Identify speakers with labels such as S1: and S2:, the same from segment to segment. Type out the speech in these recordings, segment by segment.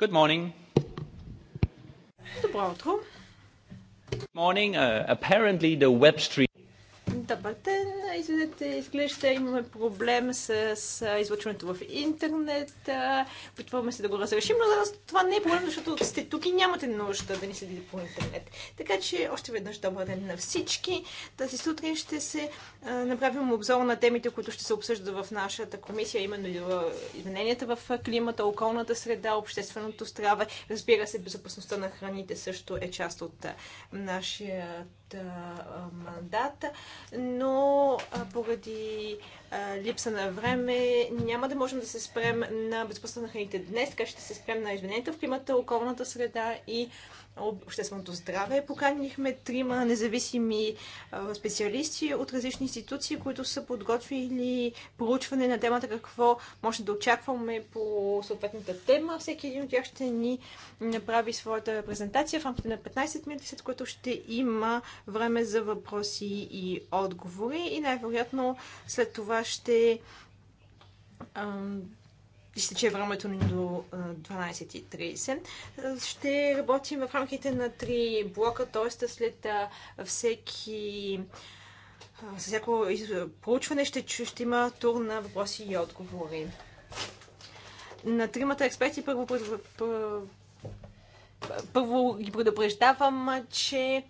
S1: Good morning. Добро утро.
S2: Morning, uh, apparently the web stream
S1: Бартен. Извинете, изглежда имаме проблем с, с излъчването в интернет. Опитваме се да го разрешим, но за нас това не е проблем, защото сте тук и нямате нужда да ни следите по интернет. Така че още веднъж добър ден на всички. Тази сутрин ще се а, направим обзор на темите, които ще се обсъждат в нашата комисия, именно измененията в климата, околната среда, общественото здраве. Разбира се, безопасността на храните също е част от нашия Мандата, но поради липса на време няма да можем да се спрем на безопасността на храните днес, така ще се спрем на измененията в климата, околната среда и общественото здраве. Поканихме трима независими специалисти от различни институции, които са подготвили проучване на темата какво може да очакваме по съответната тема. Всеки един от тях ще ни направи своята презентация в рамките на 15 минути, след което ще има време за въпроси и отговори и най-вероятно след това ще изтече времето ни е до 12.30. Ще работим в рамките на три блока, т.е. след всеки С всяко проучване ще, ще има тур на въпроси и отговори. На тримата експерти първо, първо, първо ги предупреждавам, че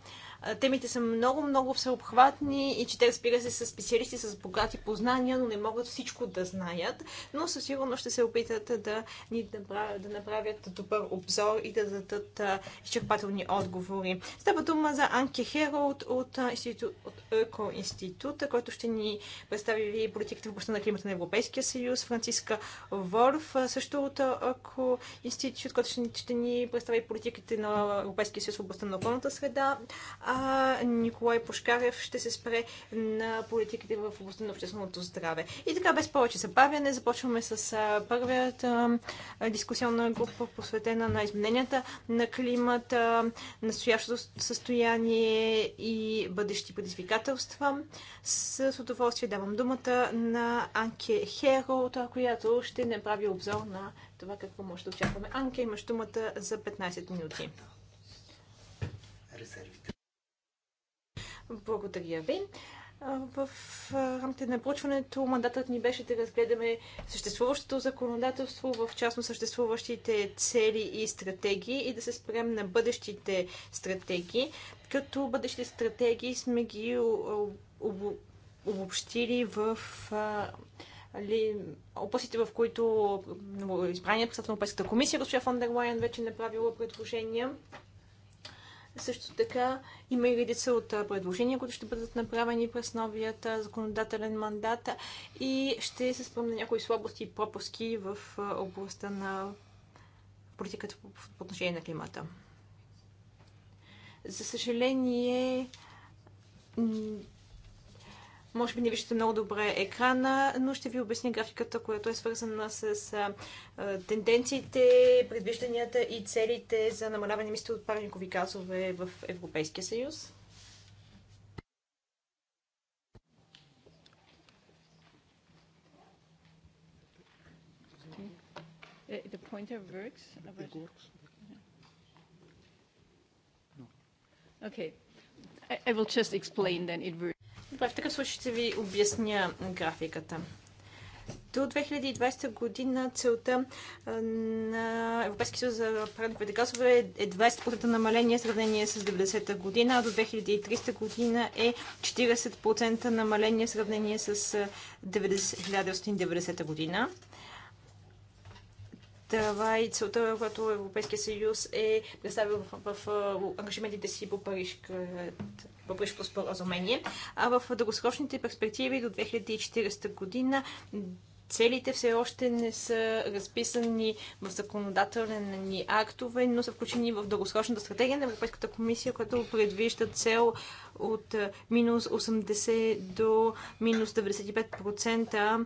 S1: Темите са много-много всеобхватни и че те, разбира се, са специалисти с богати познания, но не могат всичко да знаят, но със сигурност ще се опитат да ни да направят добър обзор и да дадат изчерпателни отговори. Става дума за Анки Херолд от, институт, от Еко института, който ще ни представи политиката в областта на климата на Европейския съюз, Франциска Ворф, също от Еко институт, който ще, ще ни представи политиките на Европейския съюз в областта на околната среда, а Николай Пушкарев ще се спре на политиките в областта на общественото здраве. И така, без повече забавяне, започваме с първата дискусионна група, посветена на измененията на климата, настоящото състояние и бъдещи предизвикателства. С удоволствие давам думата на Анке Херо, която ще направи обзор на това какво може да очакваме. Анке, имаш думата за 15 минути. Резерв. Благодаря ви. В рамките на проучването мандатът ни беше да разгледаме съществуващото законодателство, в частно съществуващите цели и стратегии и да се спрем на бъдещите стратегии. Като бъдещите стратегии сме ги обобщили в ли, областите, в които избраният председател на Европейската комисия, госпожа Фондерлайн, вече е направила предложения. Също така има и редица от предложения, които ще бъдат направени през новият законодателен мандат и ще се спомня някои слабости и пропуски в областта на политиката по отношение на климата. За съжаление, може би не виждате много добре екрана, но ще ви обясня графиката, която е свързана с тенденциите, предвижданията и целите за намаляване мисто от парникови газове в Европейския съюз.
S3: Eh, the pointer works. It works. Okay. I will just explain
S1: then it works. Добре, в такъв случай ще ви обясня графиката. До 2020 година целта на Европейския съюз за парниковите газове е 20% намаление в сравнение с 90-та година, а до 2030 година е 40% намаление в сравнение с 1990 година. Това и целта, която Европейския съюз е представил в, в, в ангажиментите си по Парижското споразумение. А в дългосрочните перспективи до 2040 година целите все още не са разписани в законодателни актове, но са включени в дългосрочната стратегия на Европейската комисия, която предвижда цел от минус 80 до минус 95%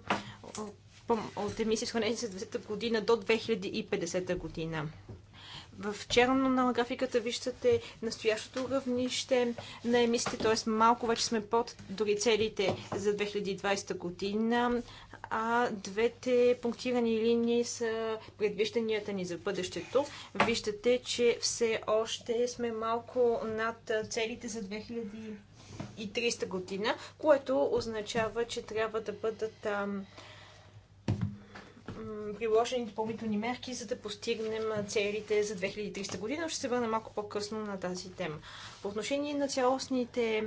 S1: от емисии, сравнени с 20 година до 2050 година. В черно на графиката виждате настоящото равнище на емисиите, т.е. малко вече сме под дори целите за 2020 година, а двете пунктирани линии са предвижданията ни за бъдещето. Виждате, че все още сме малко над целите за 2030 година, което означава, че трябва да бъдат ам, приложени допълнителни мерки, за да постигнем целите за 2300 година. Ще се върна малко по-късно на тази тема. По отношение на цялостните е,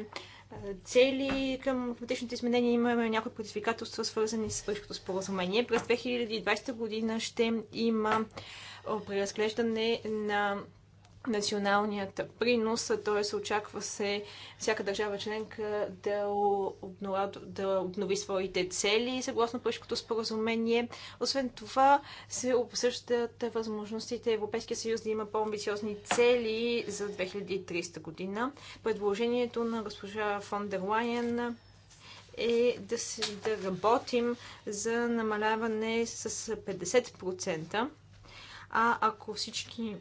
S1: цели към климатичните изменения имаме някои предизвикателства, свързани с Парижското споразумение. През 2020 година ще има е, преразглеждане на националният принос, т.е. очаква се всяка държава членка да, обнова, да обнови своите цели съгласно Пъшкото споразумение. Освен това се обсъждат възможностите Европейския съюз да има по-амбициозни цели за 2300 година. Предложението на госпожа фон дер Лайен е да, си, да работим за намаляване с 50%. А ако всички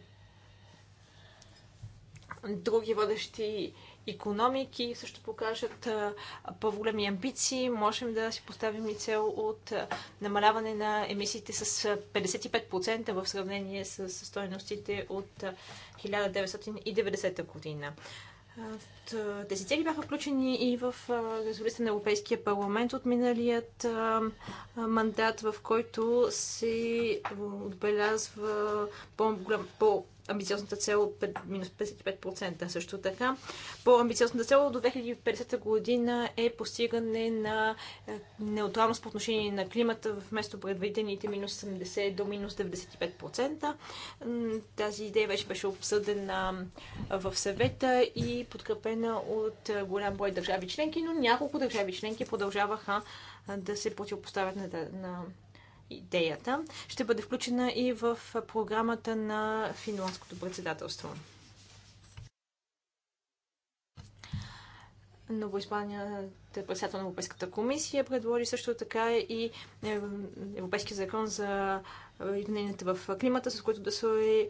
S1: други водещи економики също покажат по-големи амбиции, можем да си поставим и цел от намаляване на емисиите с 55% в сравнение с стоеностите от 1990 година. Тези цели бяха включени и в резолюция на Европейския парламент от миналият мандат, в който се отбелязва по-голяма по голям по амбициозната цел минус 55%. Също така, по-амбициозната цел до 2050 година е постигане на е, неутралност по отношение на климата вместо предвидените минус 70 до минус 95%. Тази идея вече беше обсъдена в съвета и подкрепена от е, голям брой държави членки, но няколко държави членки продължаваха да се противопоставят на, на идеята, ще бъде включена и в програмата на финландското председателство. Новоизбраният председател на Европейската комисия предложи също така и е, Европейски закон за измененията в климата, с които да се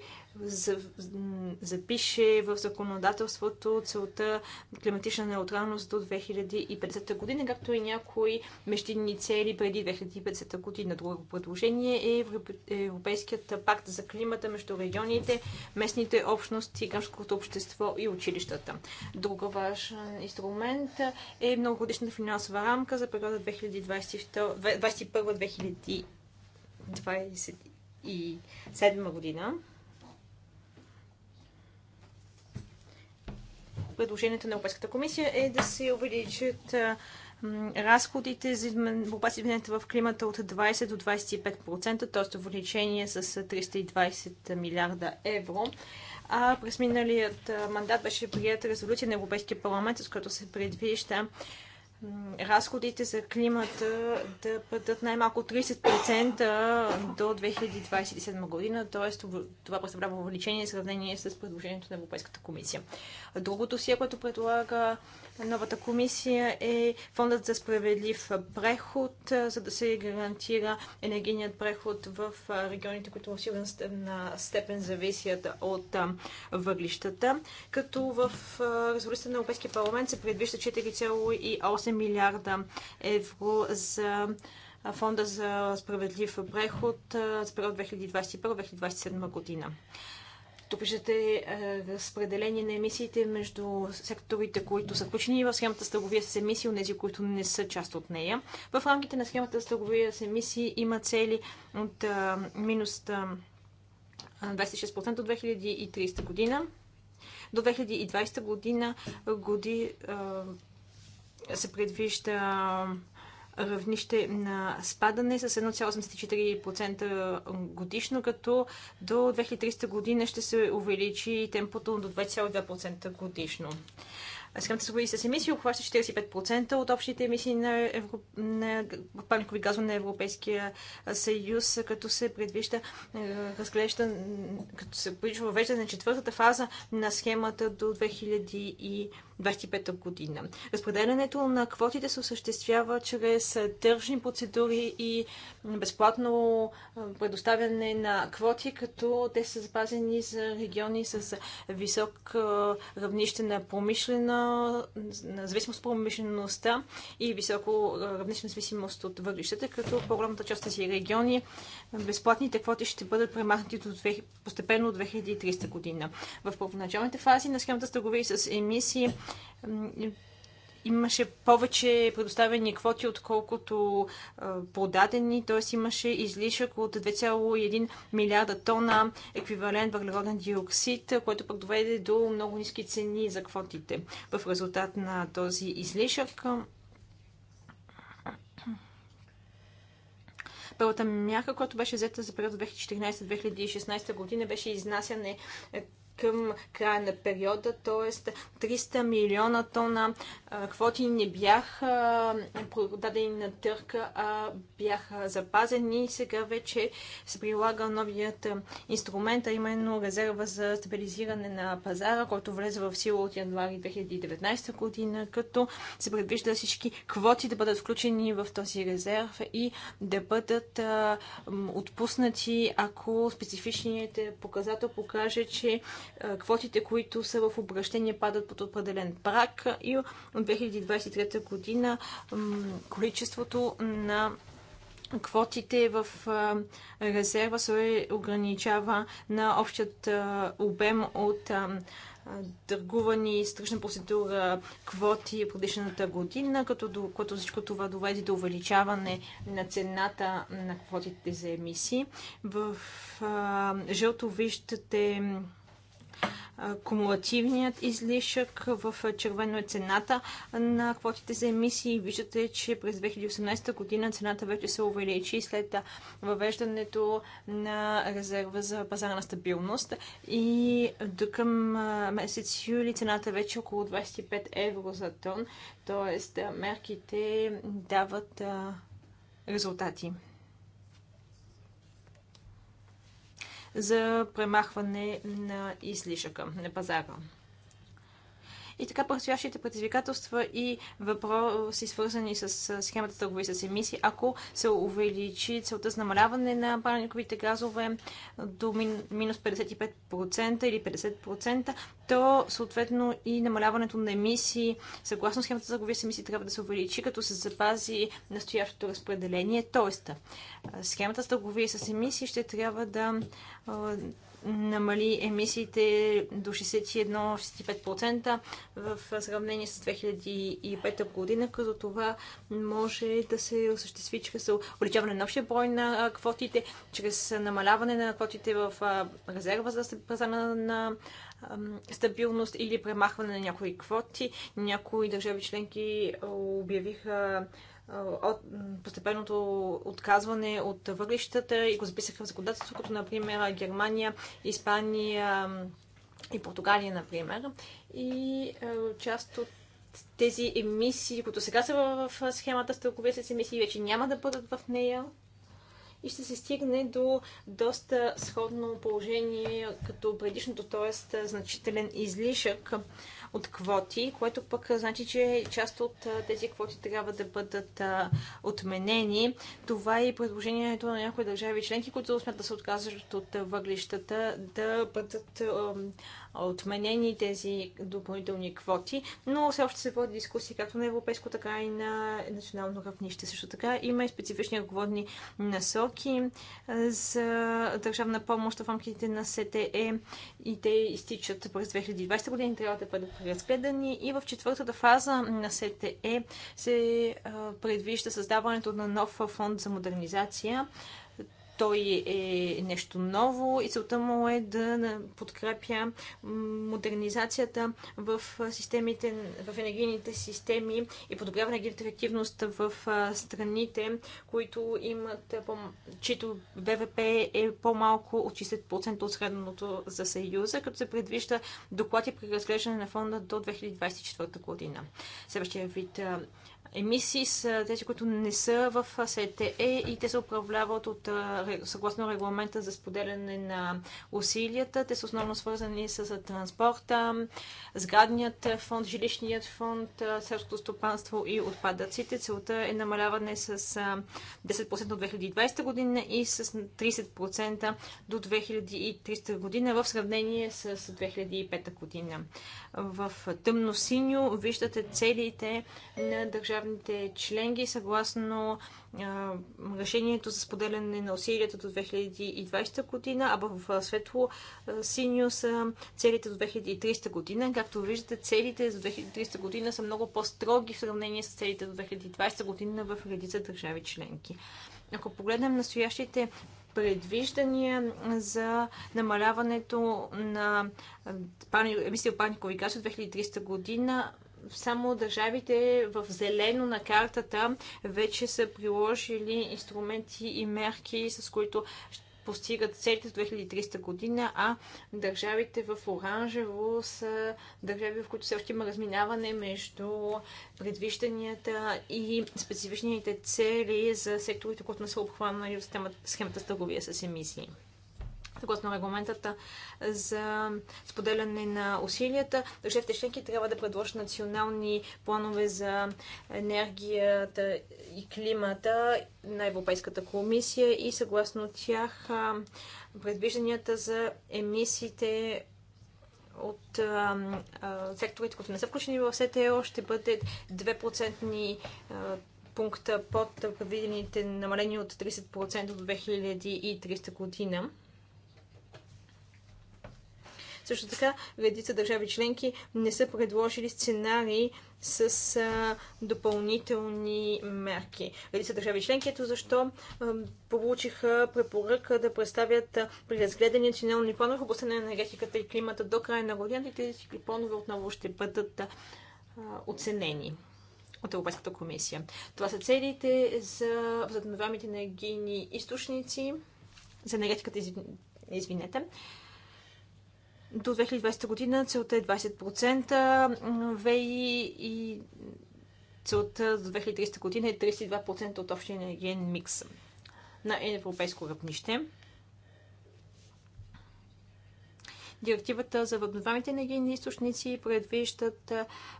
S1: запише в законодателството целта климатична неутралност до 2050 година, както и някои междинни цели преди 2050 година. Друго предложение е Европейският пакт за климата между регионите, местните общности, гражданското общество и училищата. Друг важен инструмент е многогодишната финансова рамка за периода 2021-2027 2027 година. Предложението на Европейската комисия е да се увеличат разходите за борба с изменението в климата от 20 до 25%, т.е. увеличение с 320 милиарда евро. А през миналият мандат беше прията резолюция на Европейския парламент, с която се предвижда разходите за климата да бъдат най-малко 30% до 2027 година, т.е. това представлява увеличение в сравнение с предложението на Европейската комисия. Другото си, което предлага новата комисия е фондът за справедлив преход, за да се гарантира енергийният преход в регионите, които в сигурна степен зависят от въглищата. Като в резолюцията на Европейския парламент се предвижда 4,8 милиарда евро за фонда за справедлив преход за период 2021-2027 година. Тук виждате е, разпределение на емисиите между секторите, които са включени в схемата с търговия с емисии, тези, които не са част от нея. В рамките на схемата с търговия с емисии има цели от а, е, минус 26% от 2030 година. До 2020 година годи, а, е, се предвижда равнище на спадане с 1,84% годишно, като до 2300 година ще се увеличи темпото до 2,2% годишно. Схемата се води с емисии, обхваща 45% от общите емисии на, евро... на парникови газове на Европейския съюз, като се предвижда е, разглежда, като се предвижда въвеждане на четвъртата фаза на схемата до 2000 и 2025 година. Разпределянето на квотите се осъществява чрез тържни процедури и безплатно предоставяне на квоти, като те са запазени за региони с висок равнище на промишлена, на зависимост от промишлеността и високо равнище на зависимост от въглищата, като по-голямата част тези региони безплатните квоти ще бъдат премахнати до 2, постепенно от 2300 година. В първоначалните фази на схемата с търговия с емисии имаше повече предоставени квоти, отколкото подадени, т.е. имаше излишък от 2,1 милиарда тона еквивалент въглероден диоксид, което пък доведе до много ниски цени за квотите. В резултат на този излишък Първата мярка, която беше взета за период 2014-2016 година, беше изнасяне към края на периода, т.е. 300 милиона тона квоти не бяха продадени на търка, а бяха запазени и сега вече се прилага новият инструмент, а именно резерва за стабилизиране на пазара, който влезе в сила от януари 2019 година, като се предвижда всички квоти да бъдат включени в този резерв и да бъдат отпуснати, ако специфичният показател покаже, че квотите, които са в обращение, падат под определен прак и от 2023 година количеството на квотите в резерва се ограничава на общият обем от търгувани с тръжна процедура квоти предишната година, като, като всичко това доведе до увеличаване на цената на квотите за емисии. В а, жълто виждате Кумулативният излишък в червено е цената на квотите за емисии. Виждате, че през 2018 година цената вече се увеличи след въвеждането на резерва за пазарна стабилност и до към месец юли цената е вече около 25 евро за тон, т.е. мерките дават резултати. за премахване на излишъка на пазара. И така предстоящите предизвикателства и въпроси, свързани с схемата търгови с емисии, ако се увеличи целта с намаляване на парниковите газове до минус 55% или 50%, то съответно и намаляването на емисии, съгласно схемата за с емисии, трябва да се увеличи, като се запази настоящото разпределение. Тоест, схемата с търговия с емисии ще трябва да намали емисиите до 61-65% в сравнение с 2005 година, като това може да се осъществи чрез увеличаване на общия брой на квотите, чрез намаляване на квотите в резерва за пазарна на стабилност или премахване на някои квоти. Някои държави членки обявиха от постепенното отказване от въглищата и го записаха в законодателство, като например Германия, Испания и Португалия, например. И е, част от тези емисии, които сега са в схемата с търговия с емисии, вече няма да бъдат в нея и ще се стигне до доста сходно положение като предишното, т.е. значителен излишък от квоти, което пък значи, че част от тези квоти трябва да бъдат отменени. Това е и предложението на някои държави членки, които смятат да се отказват от въглищата, да бъдат отменени тези допълнителни квоти, но все още се води дискусии както на европейско, така и на национално равнище. Също така има и специфични отговорни насоки за държавна помощ в рамките на СТЕ и те изтичат през 2020 година трябва да бъдат разгледани и в четвъртата фаза на СТЕ се предвижда създаването на нов фонд за модернизация. Той е нещо ново и целта му е да подкрепя модернизацията в системите, в енергийните системи и подобрява енергийната ефективност в страните, които имат, чието ВВП е по-малко от 60% от средното за Съюза, като се предвижда доклади при разглеждане на фонда до 2024 година. Следващия вид емисии са тези, които не са в СТЕ и те се управляват от съгласно регламента за споделяне на усилията. Те са основно свързани с транспорта, сградният фонд, жилищният фонд, селското стопанство и отпадъците. Целта е намаляване с 10% до 2020 година и с 30% до 2300 година в сравнение с 2005 година. В тъмно синьо виждате целите на държавната държавните членки, съгласно решението за споделяне на усилията до 2020 година, а в светло синьо са целите до 2300 година. Както виждате, целите за 2300 година са много по-строги в сравнение с целите до 2020 година в редица държави членки. Ако погледнем настоящите предвиждания за намаляването на емисия парникови газ от 2300 година, само държавите в зелено на картата вече са приложили инструменти и мерки, с които постигат целите с 2300 година, а държавите в оранжево са държави, в които все още има разминаване между предвижданията и специфичните цели за секторите, които не са обхванали в схемата с търговия с емисии. Съгласно регламентата за споделяне на усилията, държавите членки трябва да предложат национални планове за енергията и климата на Европейската комисия и съгласно тях предвижданията за емисиите от а, а, секторите, които не са включени в СТО, ще бъде 2% пункта под предвидените намаления от 30% до 2300 година. Също така, редица държави членки не са предложили сценарии с а, допълнителни мерки. Редица държави членки, ето защо а, получиха препоръка да представят при разгледани национални планове в областта на енергетиката и климата до края на годината и тези планове отново ще бъдат а, оценени от Европейската комисия. Това са целите за възобновяемите енергийни източници, за енергетиката, извинете, до 2020 година целта е 20% ВЕИ и целта до 2030 година е 32% от общия енергиен микс на европейско равнище. Директивата за възобновяемите енергийни източници предвиждат,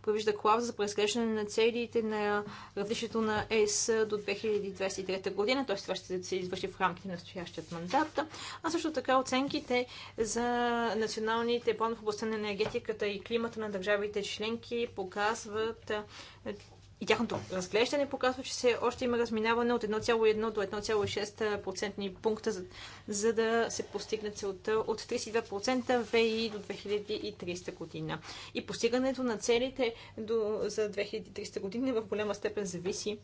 S1: предвижда клауза за преразглеждане на целите на равнището на ЕС до 2023 година, т.е. това ще се извърши в рамките на настоящият мандат, а също така оценките за националните планове в областта на енергетиката и климата на държавите членки показват, и тяхното разглеждане показва, че се още има разминаване от 1,1 до 1,6 пункта, за, за да се постигне целта от 32% ВИ до 2300 година. И постигането на целите до, за 2300 година в голяма степен зависи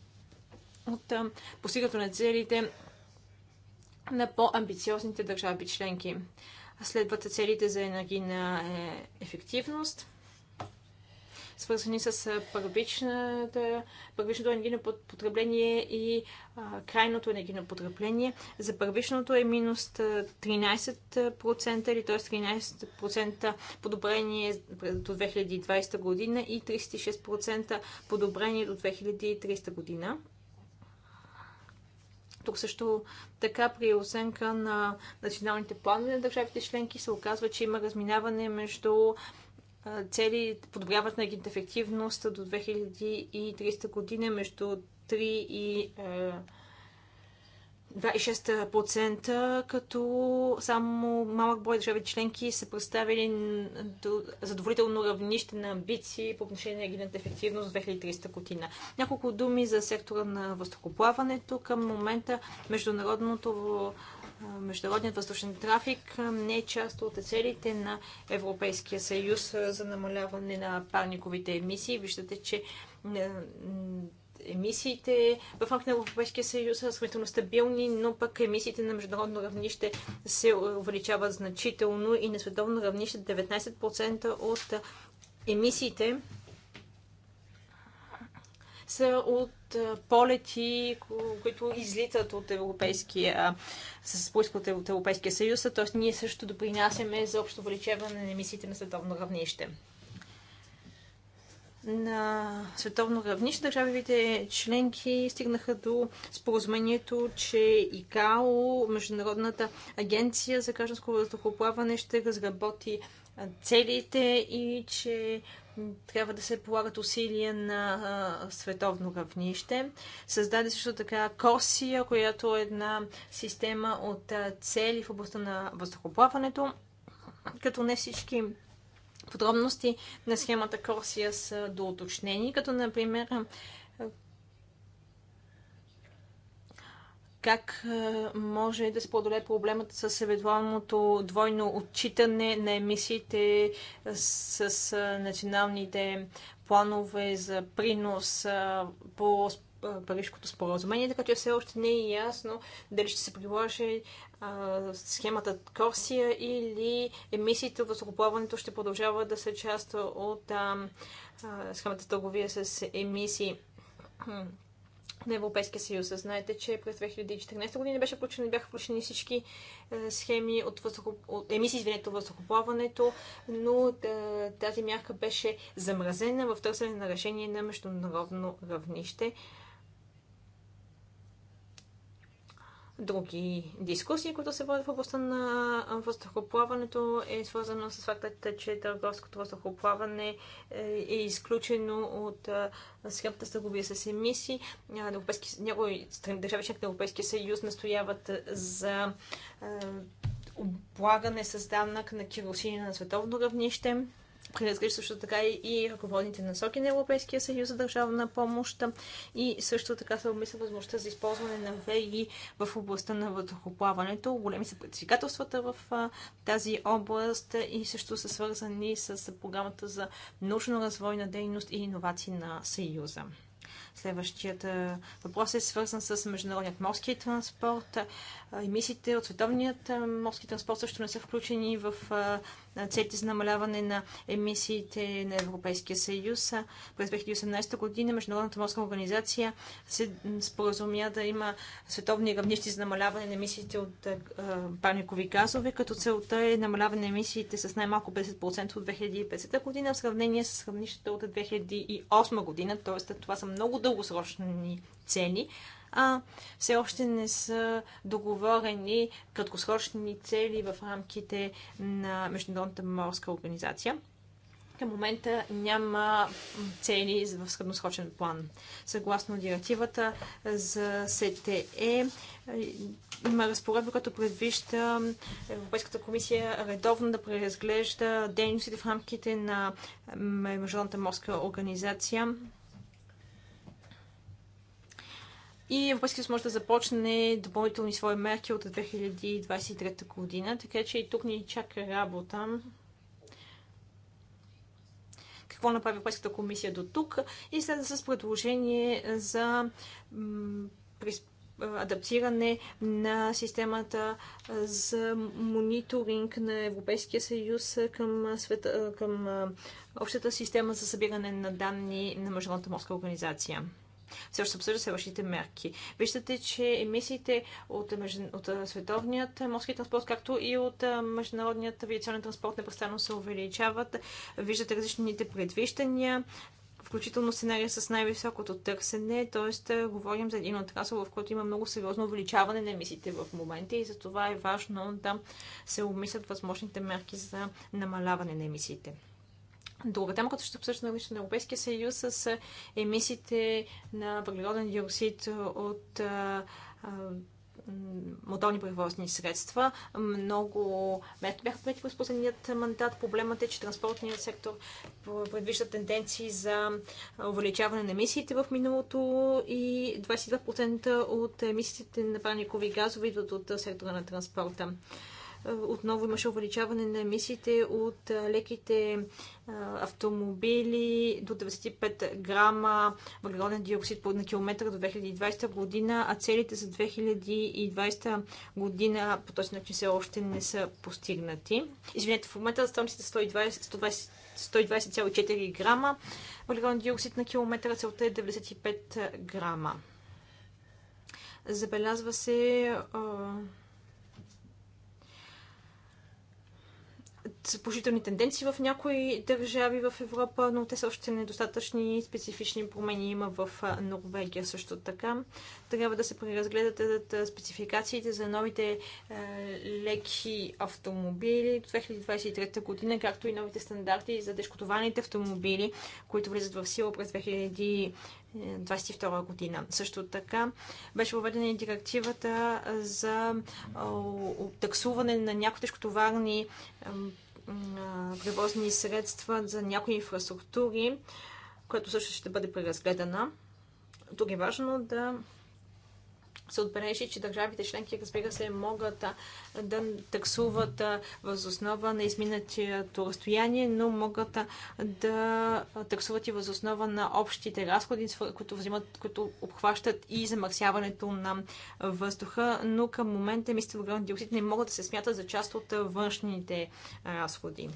S1: от постигането на целите на по-амбициозните държави членки. Следват целите за енергийна е, ефективност – свързани с първичното енергийно потребление и а, крайното енергийно потребление. За първичното е минус 13% или т.е. 13% подобрение до 2020 година и 36% подобрение до 2300 година. Тук също така при оценка на националните планове на държавите членки се оказва, че има разминаване между цели подобряват на ефективност до 2300 година между 3 и 26%, като само малък брой държави членки са представили до задоволително равнище на амбиции по отношение на енергийната ефективност в 2300 година. Няколко думи за сектора на въздухоплаването. Към момента международното международният въздушен трафик не е част от целите на Европейския съюз за намаляване на парниковите емисии. Виждате, че емисиите в рамките на Европейския съюз са сравнително стабилни, но пък емисиите на международно равнище се увеличават значително и на световно равнище 19% от емисиите са от полети, които излитат от Европейския, от Европейския съюз, т.е. ние също допринасяме за общо увеличаване на емисиите на световно равнище на световно равнище държавите членки стигнаха до споразумението, че ИКАО, Международната агенция за гражданско въздухоплаване, ще разработи целите и че трябва да се полагат усилия на а, световно равнище. Създаде също така Корсия, която е една система от а, цели в областта на въздухоплаването, като не всички подробности на схемата Корсия са доуточнени, като например как е, може да се подоле проблемът с евентуалното двойно отчитане на емисиите е, с е, националните планове за принос по Парижското споразумение, така че все още не е ясно дали ще се приложи схемата Корсия или емисиите от заплаването ще продължават да са част от а, а, схемата търговия с емисии на Европейския съюз. Знаете, че през 2014 година беше включени, бяха включени всички е, схеми от, въздухо, от емисии извинете, от въздухоплаването, но е, тази мярка беше замразена в търсене на решение на международно равнище. други дискусии, които се водят в областта на въздухоплаването, е свързано с факта, че търговското въздухоплаване е изключено от схемата с търговия с емисии. Някои държави членки на Европейския съюз настояват за облагане с данък на керосини на световно равнище преразглежда също така и ръководните насоки на Европейския съюз за държавна помощ и също така се обмисля възможността за използване на ВИ в областта на въздухоплаването. Големи са предизвикателствата в тази област и също са свързани с програмата за научно-развойна дейност и иновации на Съюза. Следващият въпрос е свързан с международният морски транспорт. Емисиите от световният морски транспорт също не са включени в целите за намаляване на емисиите на Европейския съюз. През 2018 година Международната морска организация се споразумя да има световни равнищи за намаляване на емисиите от парникови газове, като целта е намаляване на емисиите с най-малко 50% от 2050 година в сравнение с равнищата от 2008 година. Тоест, това са много дългосрочни цели а все още не са договорени краткосрочни цели в рамките на Международната морска организация. Към момента няма цели в средносрочен план. Съгласно директивата за СТЕ, има разпоредба, която предвижда Европейската комисия редовно да преразглежда дейностите в рамките на Международната морска организация и Европейския съюз може да започне допълнителни свои мерки от 2023 година, така че и тук ни чака работа. Какво направи Европейската комисия до тук и след с предложение за адаптиране на системата за мониторинг на Европейския съюз към, света, към общата система за събиране на данни на Международната морска организация. Също се обсъжда се вашите мерки. Виждате, че емисиите от, от световният морски транспорт, както и от международният авиационен транспорт непрестанно се увеличават. Виждате различните предвиждания включително сценария с най-високото търсене, т.е. говорим за един отрасъл, в който има много сериозно увеличаване на емисиите в момента и за това е важно да се обмислят възможните мерки за намаляване на емисиите. Друга тема, като ще обсъжда на на Европейския съюз с емисиите на въглероден диоксид от моторни превозни средства. Много мерки бяха прияти през последният мандат. Проблемът е, че транспортният сектор предвижда тенденции за увеличаване на емисиите в миналото и 22% от емисиите на парникови газове идват от сектора на транспорта отново имаше увеличаване на емисиите от леките автомобили до 95 грама въглероден диоксид на километър до 2020 година, а целите за 2020 година по този начин все още не са постигнати. Извинете, в момента стойностите 120, 120 120,4 грама. Въглероден диоксид на километър целта е 95 грама. Забелязва се положителни тенденции в някои държави в Европа, но те са още недостатъчни. Специфични промени има в Норвегия също така. Трябва да се преразгледат спецификациите за новите леки автомобили до 2023 година, както и новите стандарти за дешкотованите автомобили, които влизат в сила през 2022 година. Също така беше въведена и директивата за таксуване на някои тежкотоварни превозни средства за някои инфраструктури, което също ще бъде преразгледана. Тук е важно да се отбележи, че държавите членки, разбира се, могат да таксуват въз основа на изминатието разстояние, но могат да таксуват и въз основа на общите разходи, които, взимат, които обхващат и замърсяването на въздуха, но към момента мистелогран диоксид не могат да се смятат за част от външните разходи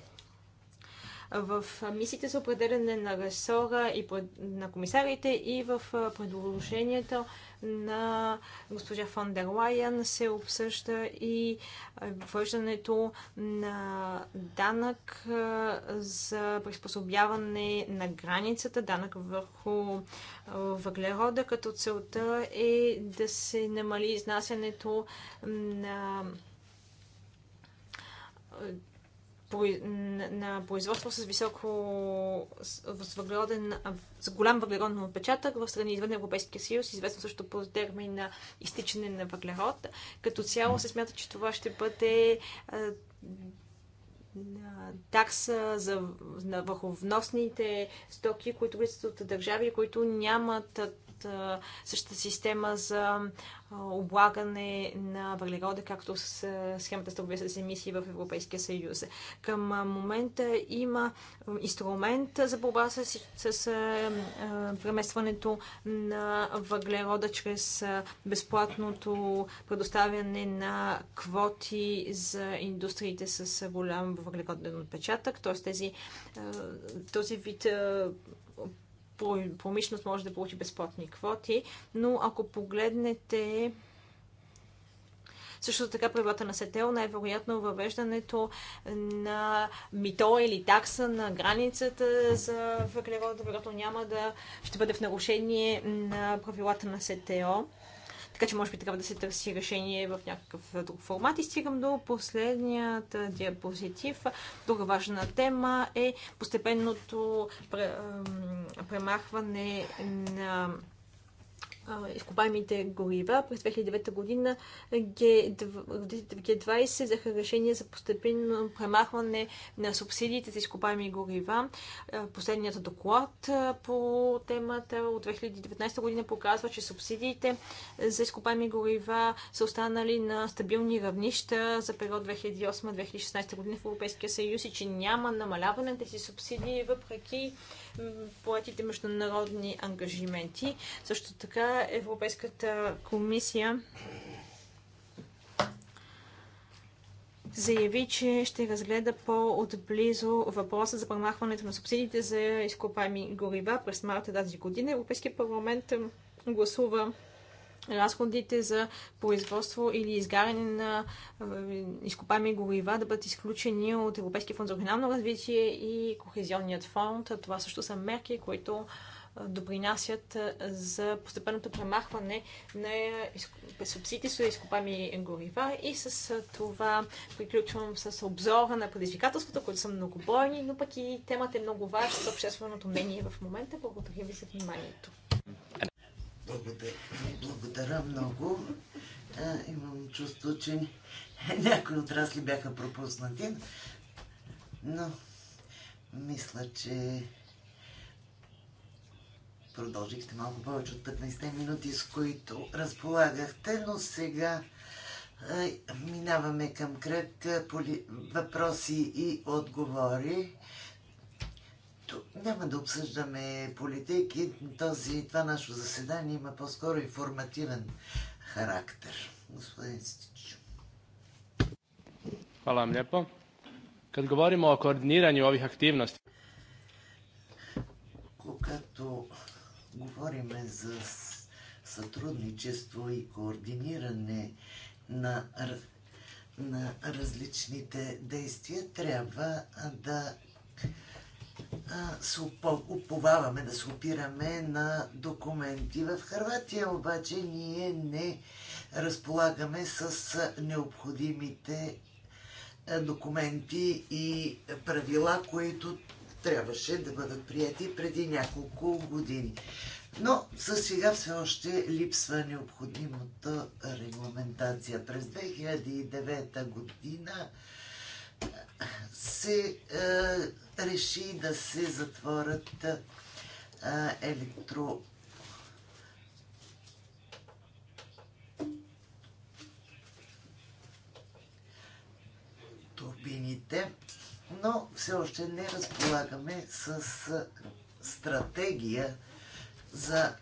S1: в мисите за определене на ресора и на комисарите и в предложението на госпожа фон дер Лайен се обсъжда и въждането на данък за приспособяване на границата, данък върху въглерода, като целта е да се намали изнасянето на на производство с високо въглероден, с голям въглероден отпечатък в страни извън Европейския съюз, известно също по термина изтичане на въглерод. Като цяло се смята, че това ще бъде такса за, върху вносните стоки, които влизат от държави, които нямат от същата система за облагане на въглерода, както с схемата стълбове с емисии в Европейския съюз. Към момента има инструмент за борба с, с, с преместването на въглерода чрез безплатното предоставяне на квоти за индустриите с голям въглероден отпечатък, т.е. този вид промишленост може да получи безплатни квоти, но ако погледнете също така правилата на СЕТЕЛ, най-вероятно въвеждането на мито или такса на границата за въглерода, вероятно няма да ще бъде в нарушение на правилата на СТО. Така че може би трябва да се търси решение в някакъв друг формат. И стигам до последният диапозитив. Друга важна тема е постепенното премахване на изкопаемите горива. През 2009 година Г20 взеха решение за постепенно премахване на субсидиите за изкопаеми горива. Последният доклад по темата от 2019 година показва, че субсидиите за изкопаеми горива са останали на стабилни равнища за период 2008-2016 година в Европейския съюз и че няма намаляване на тези субсидии, въпреки поетите международни ангажименти. Също така Европейската комисия заяви, че ще разгледа по-отблизо въпроса за премахването на субсидиите за изкопаеми горива през марта тази година. Европейския парламент гласува разходите за производство или изгаряне на е, изкопаеми горива да бъдат изключени от Европейския фонд за регионално развитие и Кохезионният фонд. Това също са мерки, които е, допринасят е, за постепенното премахване на субсидии за изкопами горива. И с това приключвам с обзора на предизвикателствата, които са многобройни, но пък и темата е много важна за общественото мнение в момента. Благодаря ви за вниманието.
S2: Благодаря, благодаря много. А, имам чувство, че някои отрасли бяха пропуснати, но мисля, че продължихте малко повече от 15 минути, с които разполагахте, но сега а, минаваме към кръг поли... въпроси и отговори няма да обсъждаме политики. Този, това наше заседание има по-скоро информативен характер. Господин Стич. Хвала вам лепо. Кад говорим о koordiniranju ових активности... Когато говориме за сътрудничество и координиране на, на различните действия, трябва да се уповаваме, да се опираме на документи. В Харватия обаче ние не разполагаме с необходимите е, документи и правила, които трябваше да бъдат прияти преди няколко години. Но за сега все още липсва необходимата регламентация. През 2009 година се е, реши да се затворят е, електро турбините, но все още не разполагаме с е, стратегия за е,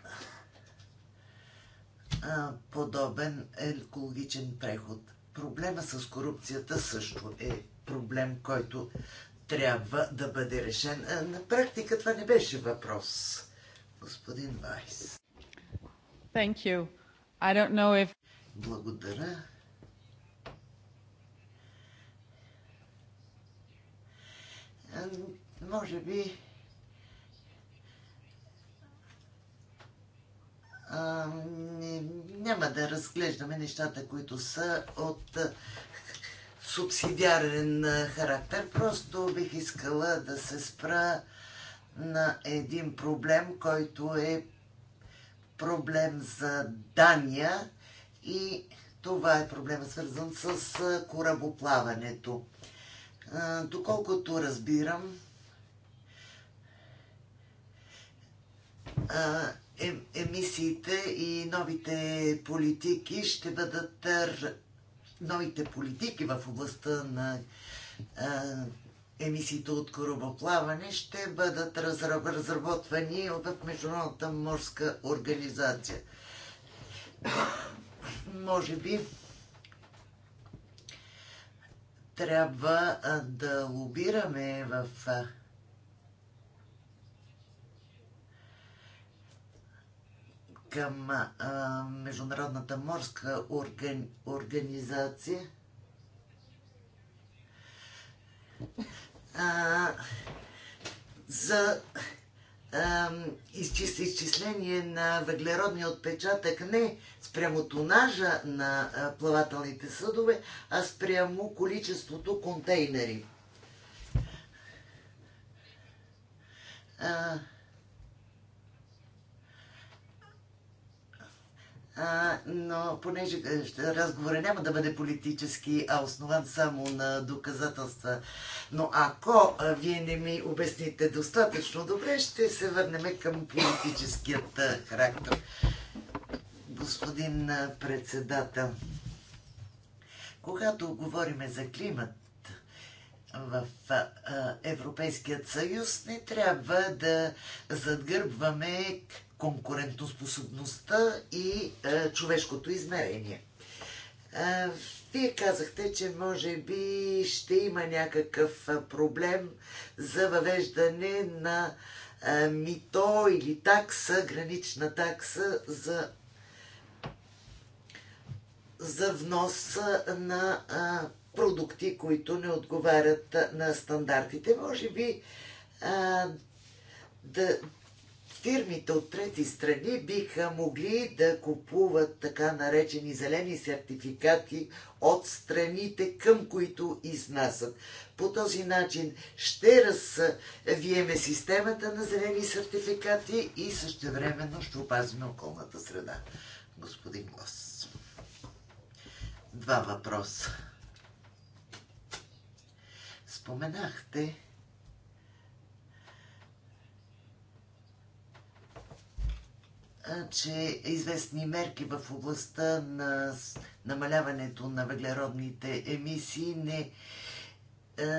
S2: подобен екологичен преход. Проблема с корупцията също е проблем, който трябва да бъде решен. на практика това не беше въпрос, господин Вайс.
S3: Thank you. I don't know if...
S2: Благодаря. Може би няма да разглеждаме нещата, които са от субсидиарен характер. Просто бих искала да се спра на един проблем, който е проблем за Дания и това е проблема свързан с корабоплаването. Доколкото разбирам, емисиите и новите политики ще бъдат новите политики в областта на емисиите от корабоплаване ще бъдат разработвани от Международната морска организация. Може би трябва да лобираме в към а, Международната морска органи, организация. А, за а, изчис, изчисление на въглеродния отпечатък не спрямо тонажа на а, плавателните съдове, а спрямо количеството контейнери. А, но понеже е, разговора няма да бъде политически, а основан само на доказателства. Но ако вие не ми обясните достатъчно добре, ще се върнем към политическият характер. Господин председател, когато говорим за климат, в Европейският съюз не трябва да задгърбваме конкурентоспособността и е, човешкото измерение. Е, вие казахте, че може би ще има някакъв е, проблем за въвеждане на е, мито или такса, гранична такса за, за внос на е, продукти, които не отговарят на стандартите. Може би е, да, фирмите от трети страни биха могли да купуват така наречени зелени сертификати от страните, към които изнасят. По този начин ще развиеме системата на зелени сертификати и същевременно ще опазим околната среда. Господин Глас. Два въпроса. Споменахте, че известни мерки в областта на намаляването на въглеродните емисии не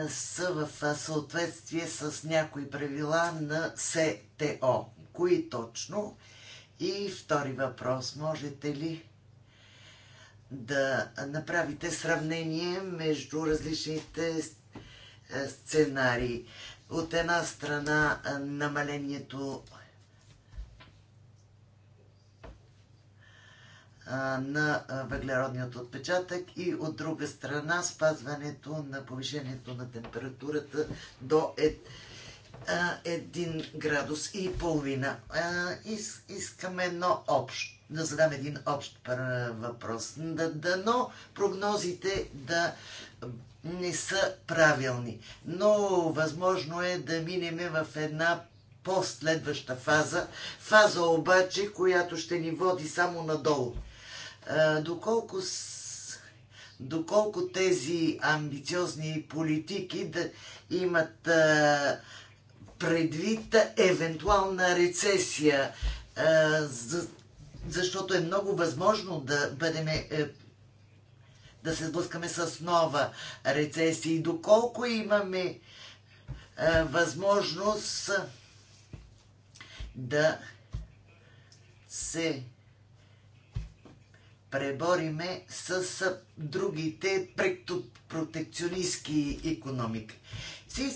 S2: са в съответствие с някои правила на СТО. Кои точно? И втори въпрос. Можете ли да направите сравнение между различните сценарии? От една страна намалението на въглеродният отпечатък и от друга страна спазването на повишението на температурата до 1 е, градус и половина. Искаме едно общо да задам един общ въпрос. Дано прогнозите да не са правилни, но възможно е да минеме в една последваща фаза. Фаза обаче, която ще ни води само надолу доколко, доколко тези амбициозни политики да имат предвид евентуална рецесия, защото е много възможно да бъдеме е, да се сблъскаме с нова рецесия и доколко имаме възможност да се пребориме с другите протекционистски економики.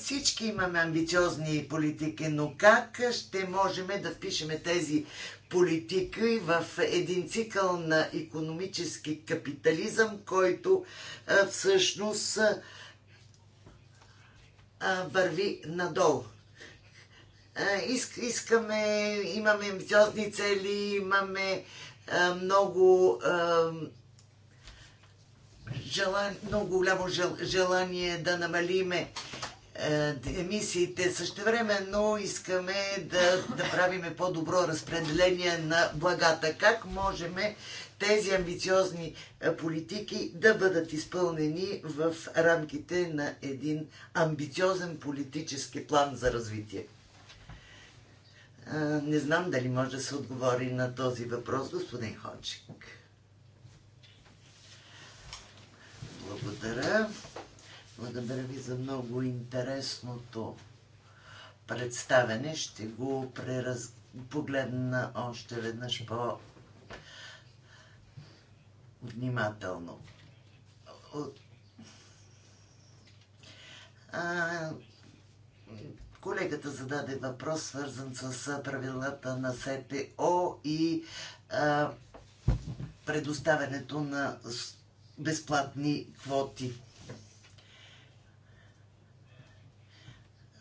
S2: Всички имаме амбициозни политики, но как ще можем да впишеме тези политики в един цикъл на економически капитализъм, който всъщност върви надолу? искаме, имаме амбициозни цели, имаме много желание, много голямо желание да намалиме емисиите. също време, но искаме да, да правиме по-добро разпределение на благата. Как можем тези амбициозни политики да бъдат изпълнени в рамките на един амбициозен политически план за развитие? Не знам дали може да се отговори на този въпрос, господин Ходжик. Благодаря. Благодаря ви за много интересното представене. Ще го прераз... погледна още веднъж по внимателно. От... А... Колегата зададе въпрос, свързан с правилата на СПО и а, предоставянето на безплатни квоти.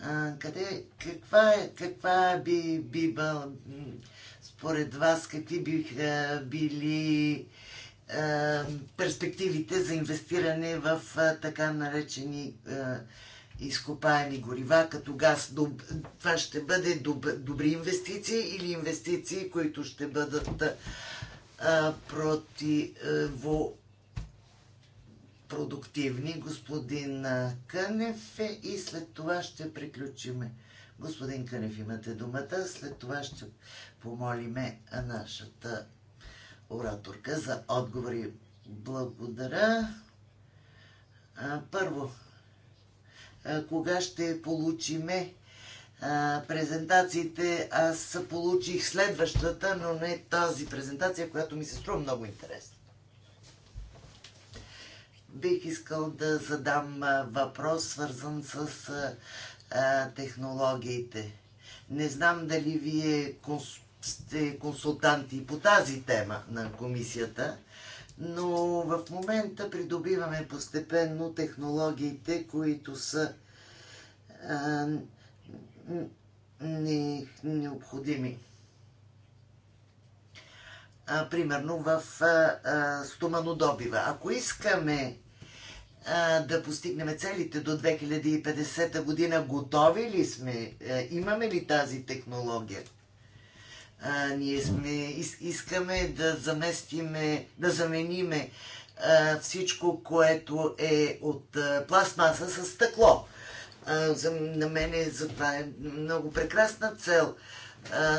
S2: А, къде, каква, е, каква би, би бъл, според вас, какви биха били а, перспективите за инвестиране в а, така наречени а, изкопаеми горива, като газ, доб... това ще бъде доб... добри инвестиции или инвестиции, които ще бъдат а, противо продуктивни. Господин Кънев е и след това ще приключиме. Господин Кънев, имате думата. След това ще помолиме нашата ораторка за отговори. Благодаря. А, първо, кога ще получиме презентациите. Аз получих следващата, но не тази презентация, която ми се струва много интересна. Бих искал да задам въпрос, свързан с технологиите. Не знам дали вие сте консултанти по тази тема на комисията, но в момента придобиваме постепенно технологиите, които са а, не, необходими. А, примерно в а, а, стоманодобива. Ако искаме а, да постигнем целите до 2050 година, готови ли сме? А, е, имаме ли тази технология? А, ние сме, искаме да заместиме, да замениме а, всичко, което е от а, пластмаса с стъкло. А, за, на мен е, за това е много прекрасна цел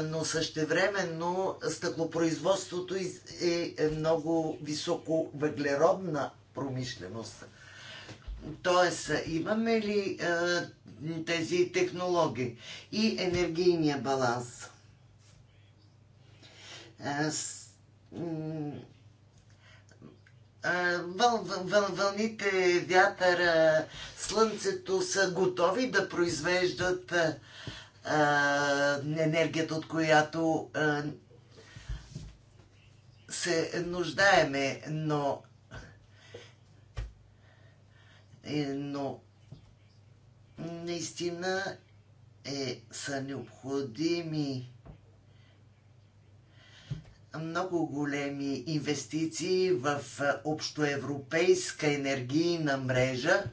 S2: но същевременно стъклопроизводството е, е много високо въглеродна промишленост. Тоест, имаме ли тези технологии и енергийния баланс? въл, въл, вълните, вятъра, слънцето са готови да произвеждат а, енергията, от която а, се нуждаеме, но е, но наистина е, са необходими много големи инвестиции в общоевропейска енергийна мрежа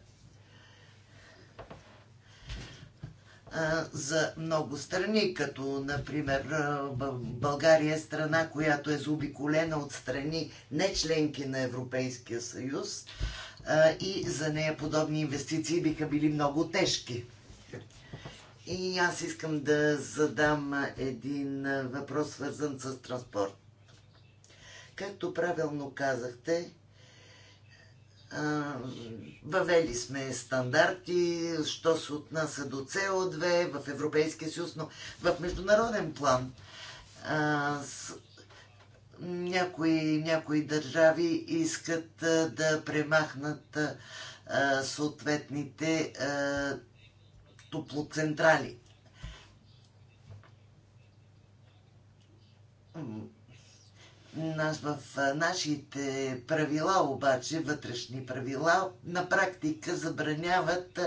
S2: за много страни, като например България е страна, която е заобиколена от страни не членки на Европейския съюз и за нея подобни инвестиции биха били много тежки. И аз искам да задам един въпрос, свързан с транспорт. Както правилно казахте, въвели сме стандарти, що се отнася до со 2 в Европейския съюз, но в международен план някои, някои държави искат да премахнат съответните топлоцентрали в нашите правила, обаче вътрешни правила, на практика забраняват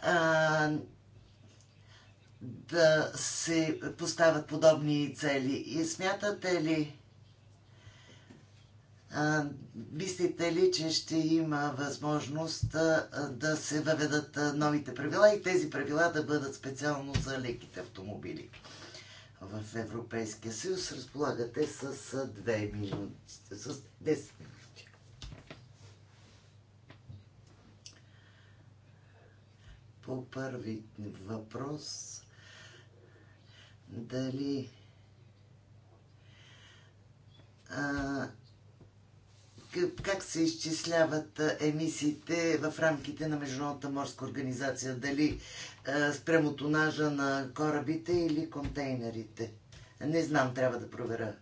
S2: а, да се поставят подобни цели. И смятате ли, а, мислите ли, че ще има възможност а, да се въведат новите правила и тези правила да бъдат специално за леките автомобили? в Европейския съюз. Разполагате с 2 минути, с 10 минути. По първи въпрос, дали а, как се изчисляват емисиите в рамките на Международната морска организация? Дали спрямо тонажа на корабите или контейнерите? Не знам, трябва да проверя.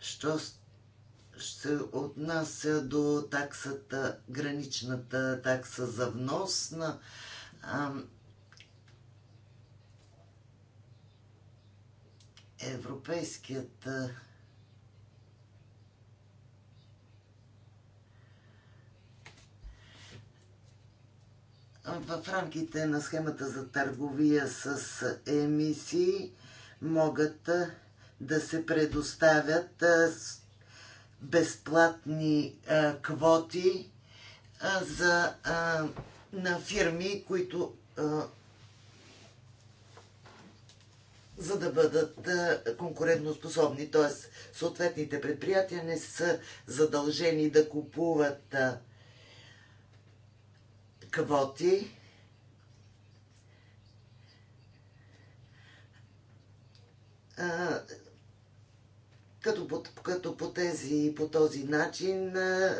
S2: Що се отнася до таксата, граничната такса за внос на Европейският в рамките на схемата за търговия с емисии могат да се предоставят безплатни квоти за, на фирми, които за да бъдат конкурентоспособни. Т.е. съответните предприятия не са задължени да купуват а, квоти. като по, като по, тези, по този начин а,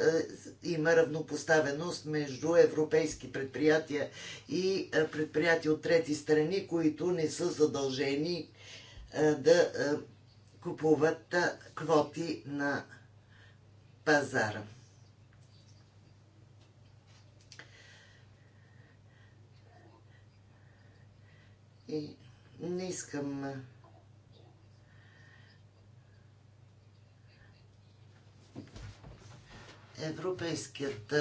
S2: има равнопоставеност между европейски предприятия и а, предприятия от трети страни, които не са задължени а, да купуват квоти на пазара. И не искам Европейският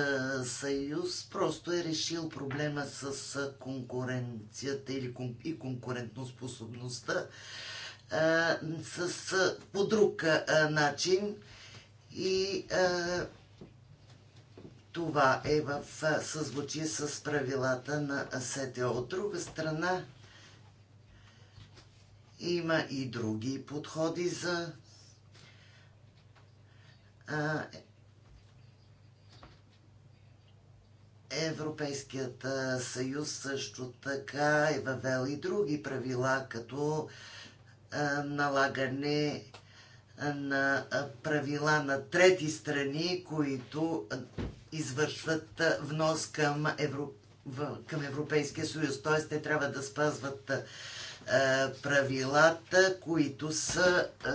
S2: съюз просто е решил проблема с конкуренцията или и конкурентоспособността с, по друг начин и това е в съзвучие с правилата на СТО. От друга страна, има и други подходи за Европейският съюз също така е въвел и други правила, като налагане на правила на трети страни, които извършват внос към, Евро... към Европейския съюз. Т.е. те трябва да спазват е, правилата, които са е,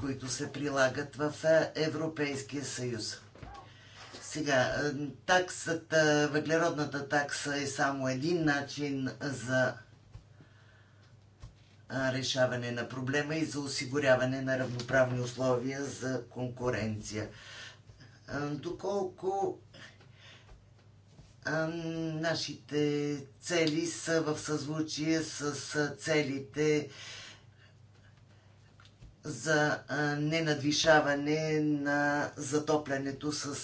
S2: които се прилагат в е, Европейския съюз. Сега, таксата, въглеродната такса е само един начин за решаване на проблема и за осигуряване на равноправни условия за конкуренция. Доколко нашите цели са в съзвучие с целите за ненадвишаване на затоплянето с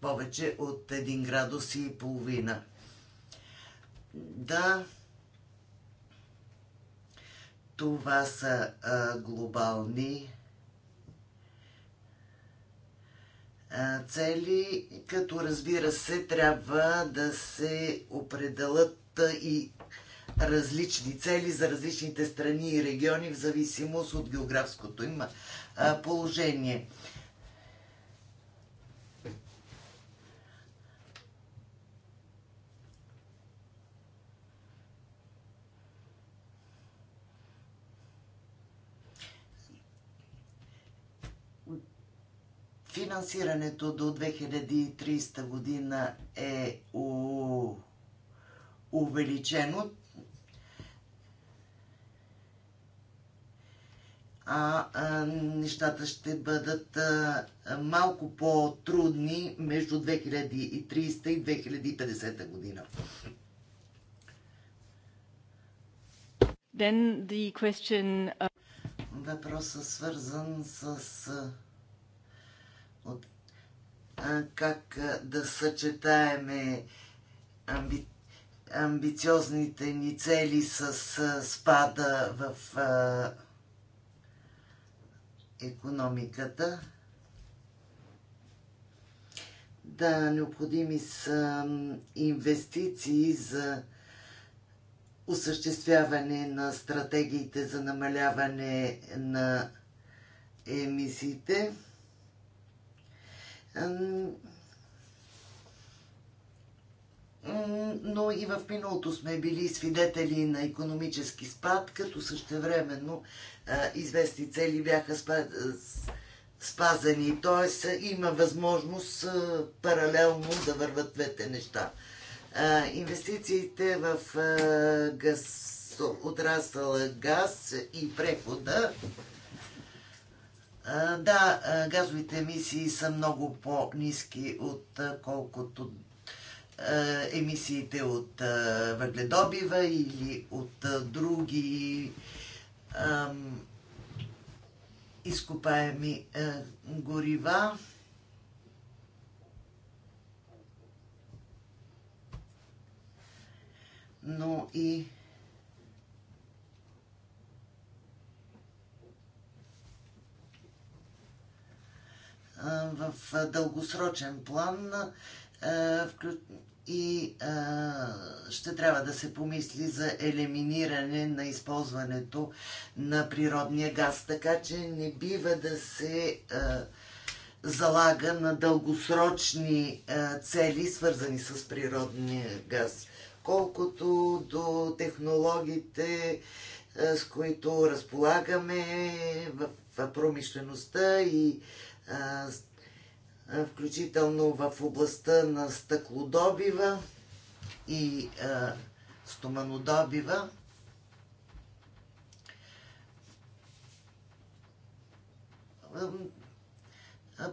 S2: повече от 1 градус и половина. Да, това са глобални цели, като разбира се трябва да се определят и различни цели за различните страни и региони в зависимост от географското им положение. Финансирането до 2030 година е у... увеличено. А, а нещата ще бъдат а, малко по-трудни между 2300 и 2050 година. Then the question... Въпросът свързан с от, а, как а, да съчетаеме амби, амбициозните ни цели с а, спада в а, економиката. Да, необходими са инвестиции за осъществяване на стратегиите за намаляване на емисиите но и в миналото сме били свидетели на економически спад, като същевременно известни цели бяха спазени. Т.е. има възможност паралелно да върват двете неща. Инвестициите в газ, отрасъла газ и прехода да, газовите емисии са много по-низки, отколкото емисиите от въгледобива или от други изкопаеми горива. Но и в дългосрочен план и ще трябва да се помисли за елиминиране на използването на природния газ. Така че не бива да се залага на дългосрочни цели, свързани с природния газ. Колкото до технологиите, с които разполагаме в промишлеността и включително в областта на стъклодобива и стоманодобива.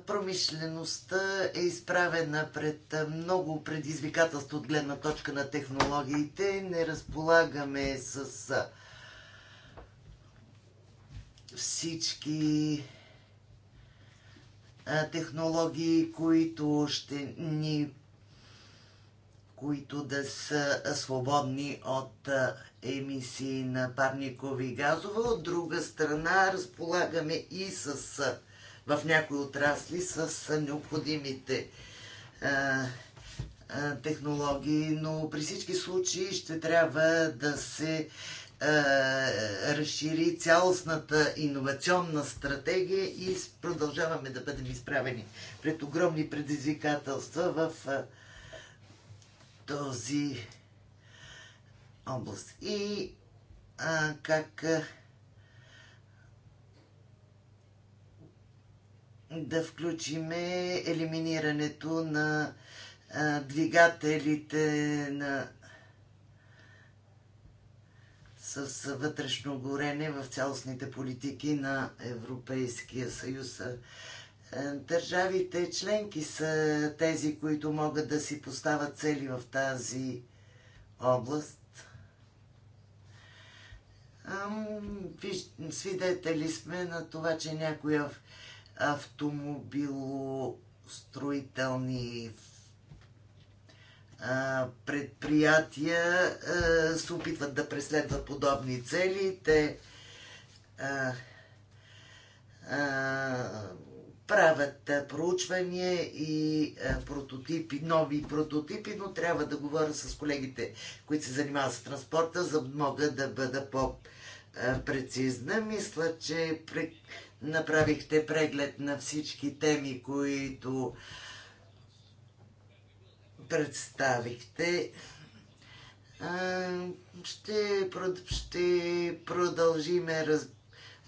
S2: Промишлеността е изправена пред много предизвикателства от гледна точка на технологиите. Не разполагаме с всички технологии, които ще ни които да са свободни от емисии на парникови газове. От друга страна, разполагаме и с, в някои отрасли с необходимите а, а, технологии, но при всички случаи ще трябва да се е, разшири цялостната иновационна стратегия и продължаваме да бъдем изправени пред огромни предизвикателства в е, този област. И а, как е, да включиме елиминирането на а, двигателите на с вътрешно горене в цялостните политики на Европейския съюз. Е, държавите членки са тези, които могат да си поставят цели в тази област. Свидетели сме на това, че някои автомобилостроителни предприятия се опитват да преследват подобни цели. Те правят проучвания и прототипи, нови прототипи, но трябва да говоря с колегите, които се занимават с транспорта, за да мога да бъда по-прецизна. Мисля, че направихте преглед на всички теми, които представихте. Ще, ще продължиме, раз,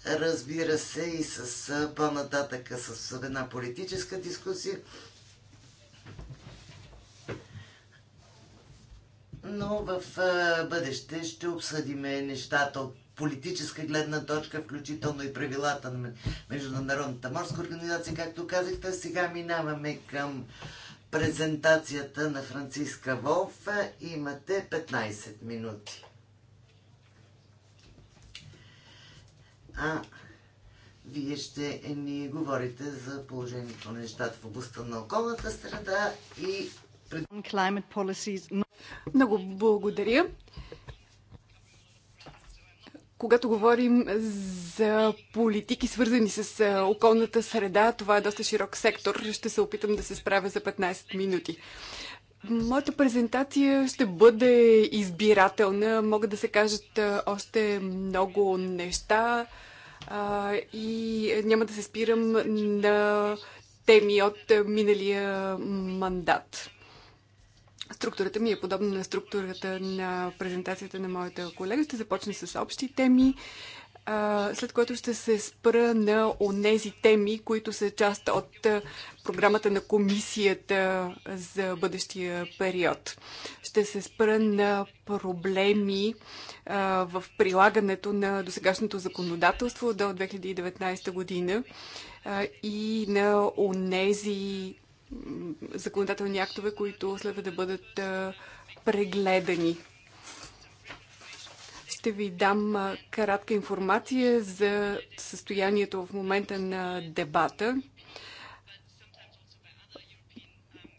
S2: разбира се, и с по-нататъка с една политическа дискусия. Но в бъдеще ще обсъдиме нещата от политическа гледна точка, включително и правилата на Международната морска организация, както казахте. Сега минаваме към презентацията на Франциска Волф. Имате 15 минути. А вие ще ни говорите за положението на нещата в областта на околната среда и...
S3: Много благодаря когато говорим за политики, свързани с околната среда, това е доста широк сектор. Ще се опитам да се справя за 15 минути. Моята презентация ще бъде избирателна. Могат да се кажат още много неща и няма да се спирам на теми от миналия мандат. Структурата ми е подобна на структурата на презентацията на моята колега. Ще започна с общи теми, след което ще се спра на онези теми, които са част от програмата на комисията за бъдещия период. Ще се спра на проблеми в прилагането на досегашното законодателство до 2019 година и на онези законодателни актове, които следва да бъдат прегледани. Ще ви дам кратка информация за състоянието в момента на дебата.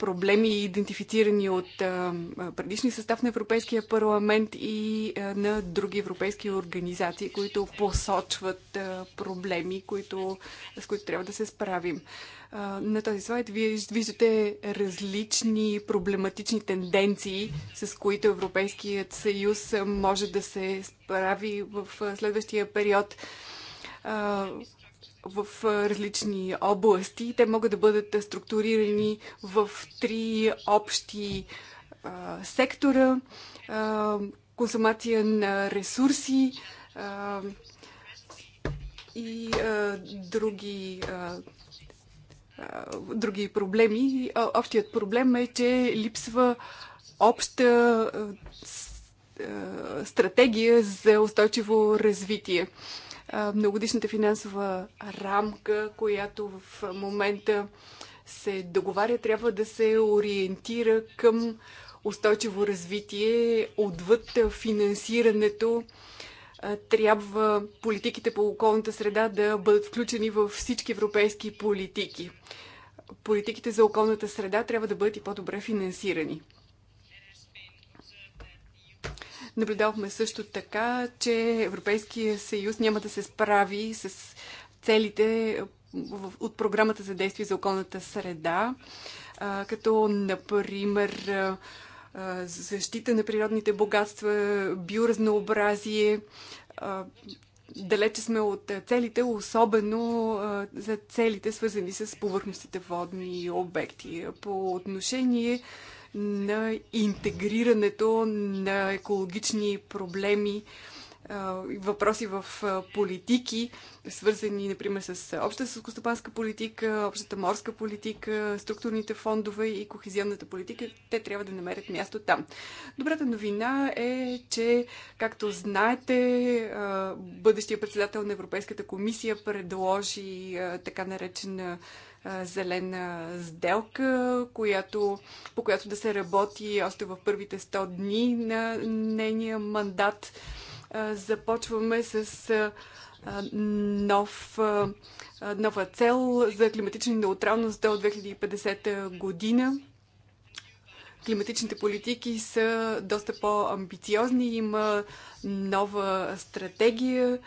S3: проблеми, идентифицирани от предишния състав на Европейския парламент и на други европейски организации, които посочват проблеми, които, с които трябва да се справим. На този слайд вие виждате различни проблематични тенденции, с които Европейският съюз може да се справи в следващия период в различни области. Те могат да бъдат структурирани в три общи сектора. консумация на ресурси а, и а, други, а, други проблеми. Общият проблем е, че липсва обща а, стратегия за устойчиво развитие. А, многодишната финансова рамка, която в момента се договаря, трябва да се ориентира към устойчиво развитие отвъд финансирането. Трябва политиките по околната среда да бъдат включени във всички европейски политики. Политиките за околната среда трябва да бъдат и по-добре финансирани. Наблюдавахме също така, че Европейския съюз няма да се справи с целите от програмата за действие за околната среда, като, например, защита на природните богатства, биоразнообразие. Далече сме от целите, особено за целите, свързани с повърхностите водни обекти. По отношение на интегрирането на екологични проблеми, въпроси в политики, свързани, например, с общата сълскостопанска политика, общата морска политика, структурните фондове и кохезионната политика. Те трябва да намерят място там. Добрата новина е, че, както знаете, бъдещия председател на Европейската комисия предложи така наречена зелена сделка, която, по която да се работи още в първите 100 дни на нейния мандат. Започваме с нов, нова цел за климатична неутралност до 2050 година. Климатичните политики са доста по-амбициозни, има нова стратегия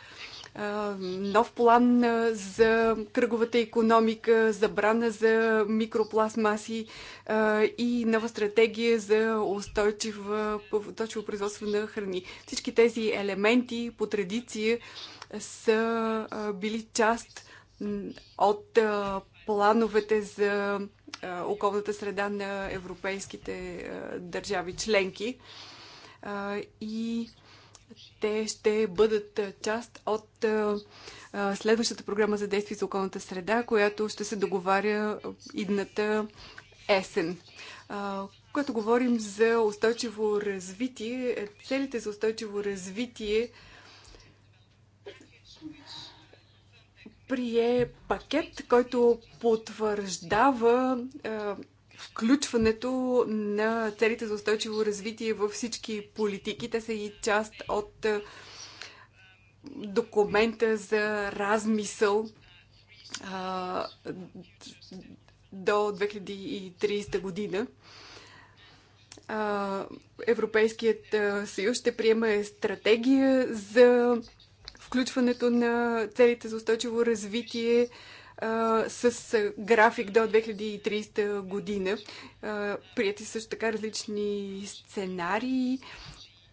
S3: нов план за кръговата економика, забрана за микропластмаси и нова стратегия за устойчиво, устойчиво производство на храни. Всички тези елементи по традиция са били част от плановете за околната среда на европейските държави членки. И те ще бъдат част от следващата програма за действие за околната среда, която ще се договаря идната есен. Когато говорим за устойчиво развитие, е, целите за устойчиво развитие прие пакет, който потвърждава включването на целите за устойчиво развитие във всички политики. Те са и част от е, документа за размисъл а, до 2030 година. А, Европейският е, съюз ще приема стратегия за включването на целите за устойчиво развитие с график до 2030 година. Прияти също така различни сценарии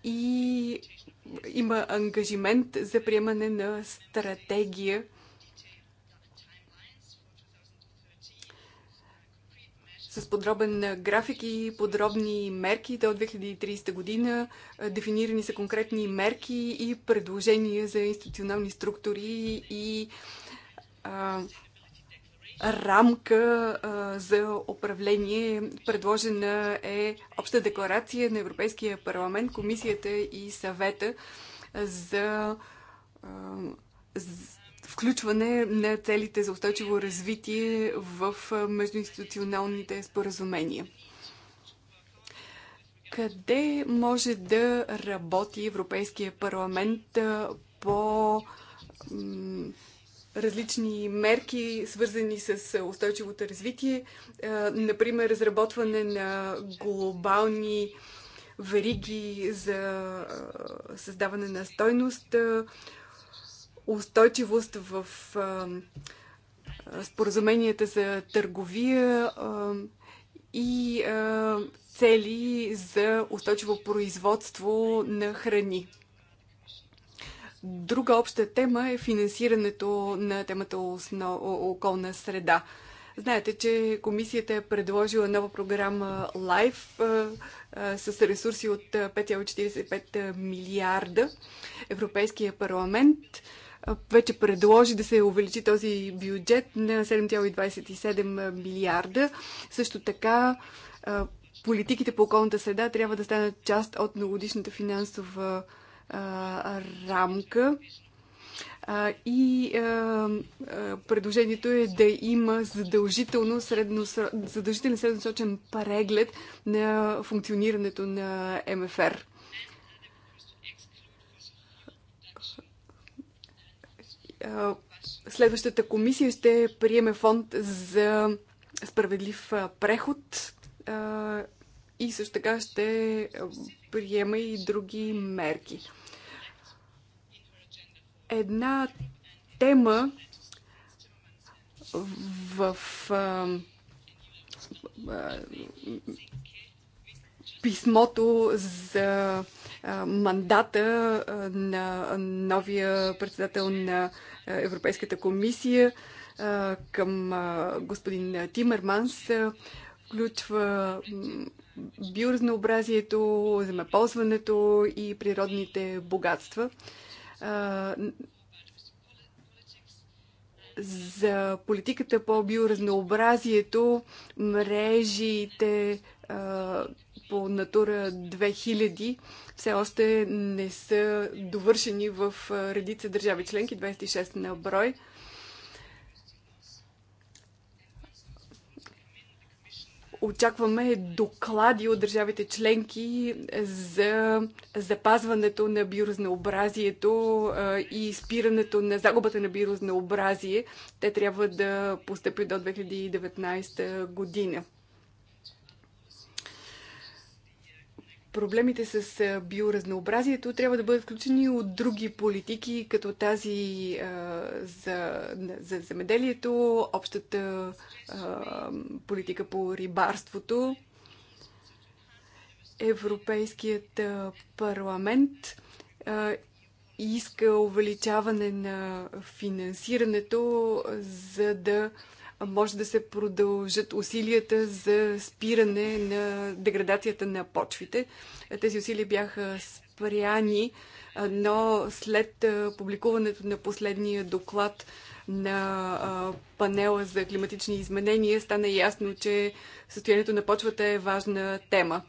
S3: и има ангажимент за приемане на стратегия с подробен график и подробни мерки до 2030 година. Дефинирани са конкретни мерки и предложения за институционални структури и а, рамка а, за управление. Предложена е обща декларация на Европейския парламент, комисията и съвета за, а, за включване на целите за устойчиво развитие в междуинституционалните споразумения. Къде може да работи Европейския парламент по различни мерки, свързани с устойчивото развитие, например разработване на глобални вериги за създаване на стойност, устойчивост в споразуменията за търговия и цели за устойчиво производство на храни. Друга обща тема е финансирането на темата основ... околна среда. Знаете, че комисията е предложила нова програма LIFE с ресурси от 5,45 милиарда. Европейския парламент вече предложи да се увеличи този бюджет на 7,27 милиарда. Също така политиките по околната среда трябва да станат част от многодишната финансова рамка. и предложението е да има задължително средноср... задължителен средносрочен преглед на функционирането на МФР. следващата комисия ще приеме фонд за справедлив преход и също така ще приема и други мерки една тема в а, писмото за а, мандата на новия председател на Европейската комисия а, към а, господин Тимерманс включва биоразнообразието, земеползването и природните богатства. А, за политиката по биоразнообразието, мрежите по Натура 2000 все още не са довършени в редица държави членки, 26 на брой. Очакваме доклади от държавите членки за запазването на биоразнообразието и спирането на загубата на биоразнообразие. Те трябва да постъпят до 2019 година. проблемите с биоразнообразието трябва да бъдат включени от други политики, като тази за, за земеделието, общата политика по рибарството. Европейският парламент иска увеличаване на финансирането, за да може да се продължат усилията за спиране на деградацията на почвите. Тези усилия бяха спряни, но след публикуването на последния доклад на панела за климатични изменения стана ясно, че състоянието на почвата е важна тема.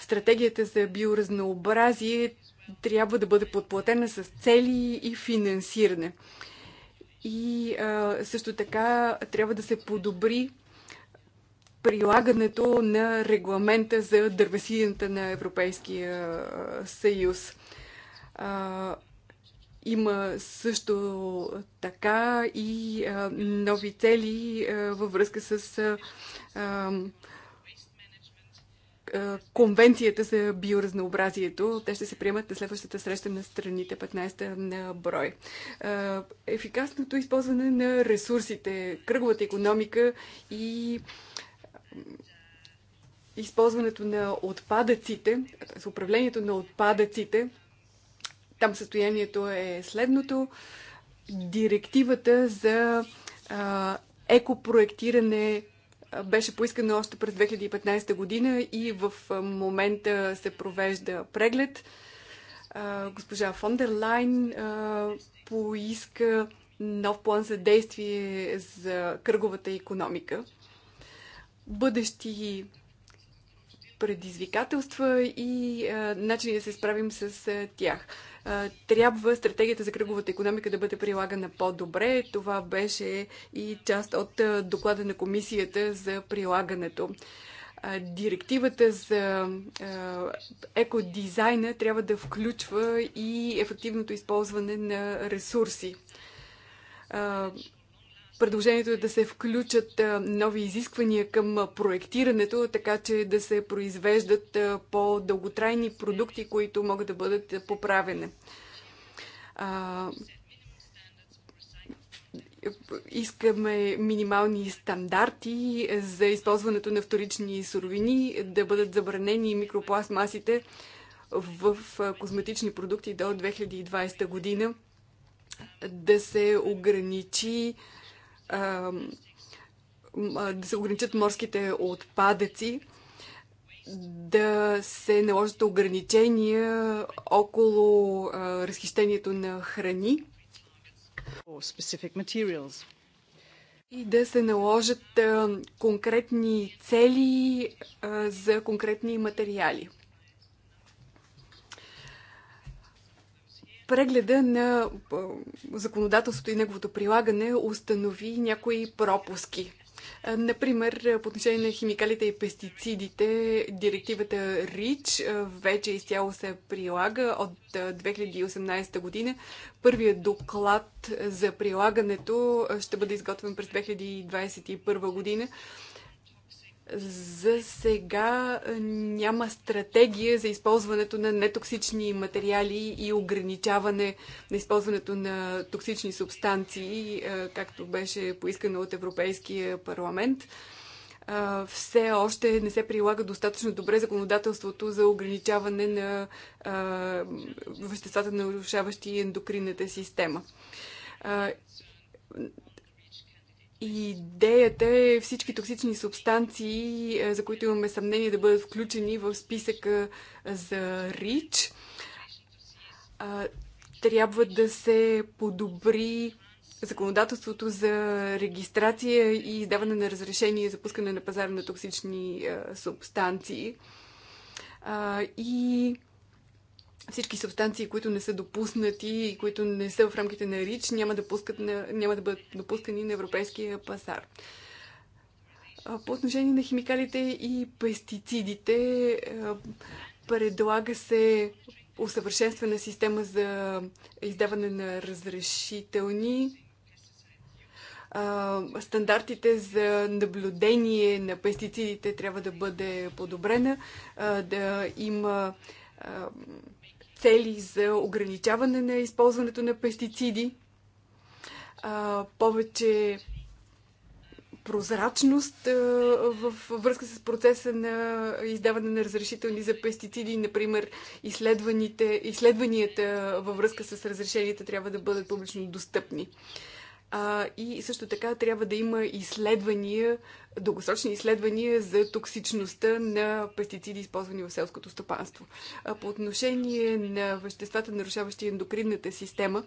S3: Стратегията за биоразнообразие трябва да бъде подплатена с цели и финансиране. И а, също така трябва да се подобри прилагането на регламента за дървесината на Европейския съюз. А, има също така и а, нови цели а, във връзка с а, е, конвенцията за биоразнообразието. Те ще се приемат на следващата среща на страните 15 на брой. Е, ефикасното използване на ресурсите, кръговата економика и е, използването на отпадъците, с управлението на отпадъците. Там състоянието е следното. Директивата за екопроектиране беше поискано още през 2015 година и в момента се провежда преглед. Госпожа Фондерлайн поиска нов план за действие за кръговата економика. Бъдещи предизвикателства и а, начини да се справим с а, тях. А, трябва стратегията за кръговата економика да бъде прилагана по-добре. Това беше и част от а, доклада на комисията за прилагането. А, директивата за а, екодизайна трябва да включва и ефективното използване на ресурси. Предложението е да се включат нови изисквания към проектирането, така че да се произвеждат по-дълготрайни продукти, които могат да бъдат поправени искаме минимални стандарти за използването на вторични суровини, да бъдат забранени микропластмасите в козметични продукти до 2020 година, да се ограничи да се ограничат морските отпадъци, да се наложат ограничения около разхищението на храни и да се наложат конкретни цели за конкретни материали. Прегледа на законодателството и неговото прилагане установи някои пропуски. Например, по отношение на химикалите и пестицидите, директивата РИЧ вече изцяло се прилага от 2018 година. Първият доклад за прилагането ще бъде изготвен през 2021 година. За сега е, няма стратегия за използването на нетоксични материали и ограничаване на използването на токсични субстанции, е, както беше поискано от Европейския парламент. Е, все още не се прилага достатъчно добре законодателството за ограничаване на веществата, нарушаващи ендокринната система Идеята е всички токсични субстанции, е, за които имаме съмнение да бъдат включени в списъка е, за РИЧ. Трябва да се подобри законодателството за регистрация и издаване на разрешение за пускане на пазар на токсични е, субстанции. И всички субстанции, които не са допуснати и които не са в рамките на РИЧ, няма да, пускат на, няма да бъдат допускани на европейския пазар. По отношение на химикалите и пестицидите, предлага се усъвършенствана система за издаване на разрешителни. Стандартите за наблюдение на пестицидите трябва да бъде подобрена, да има цели за ограничаване на използването на пестициди, повече прозрачност в връзка с процеса на издаване на разрешителни за пестициди. Например, изследванията във връзка с разрешенията трябва да бъдат публично достъпни. А, и също така трябва да има изследвания, дългосрочни изследвания за токсичността на пестициди, използвани в селското стопанство. А, по отношение на веществата, нарушаващи ендокринната система,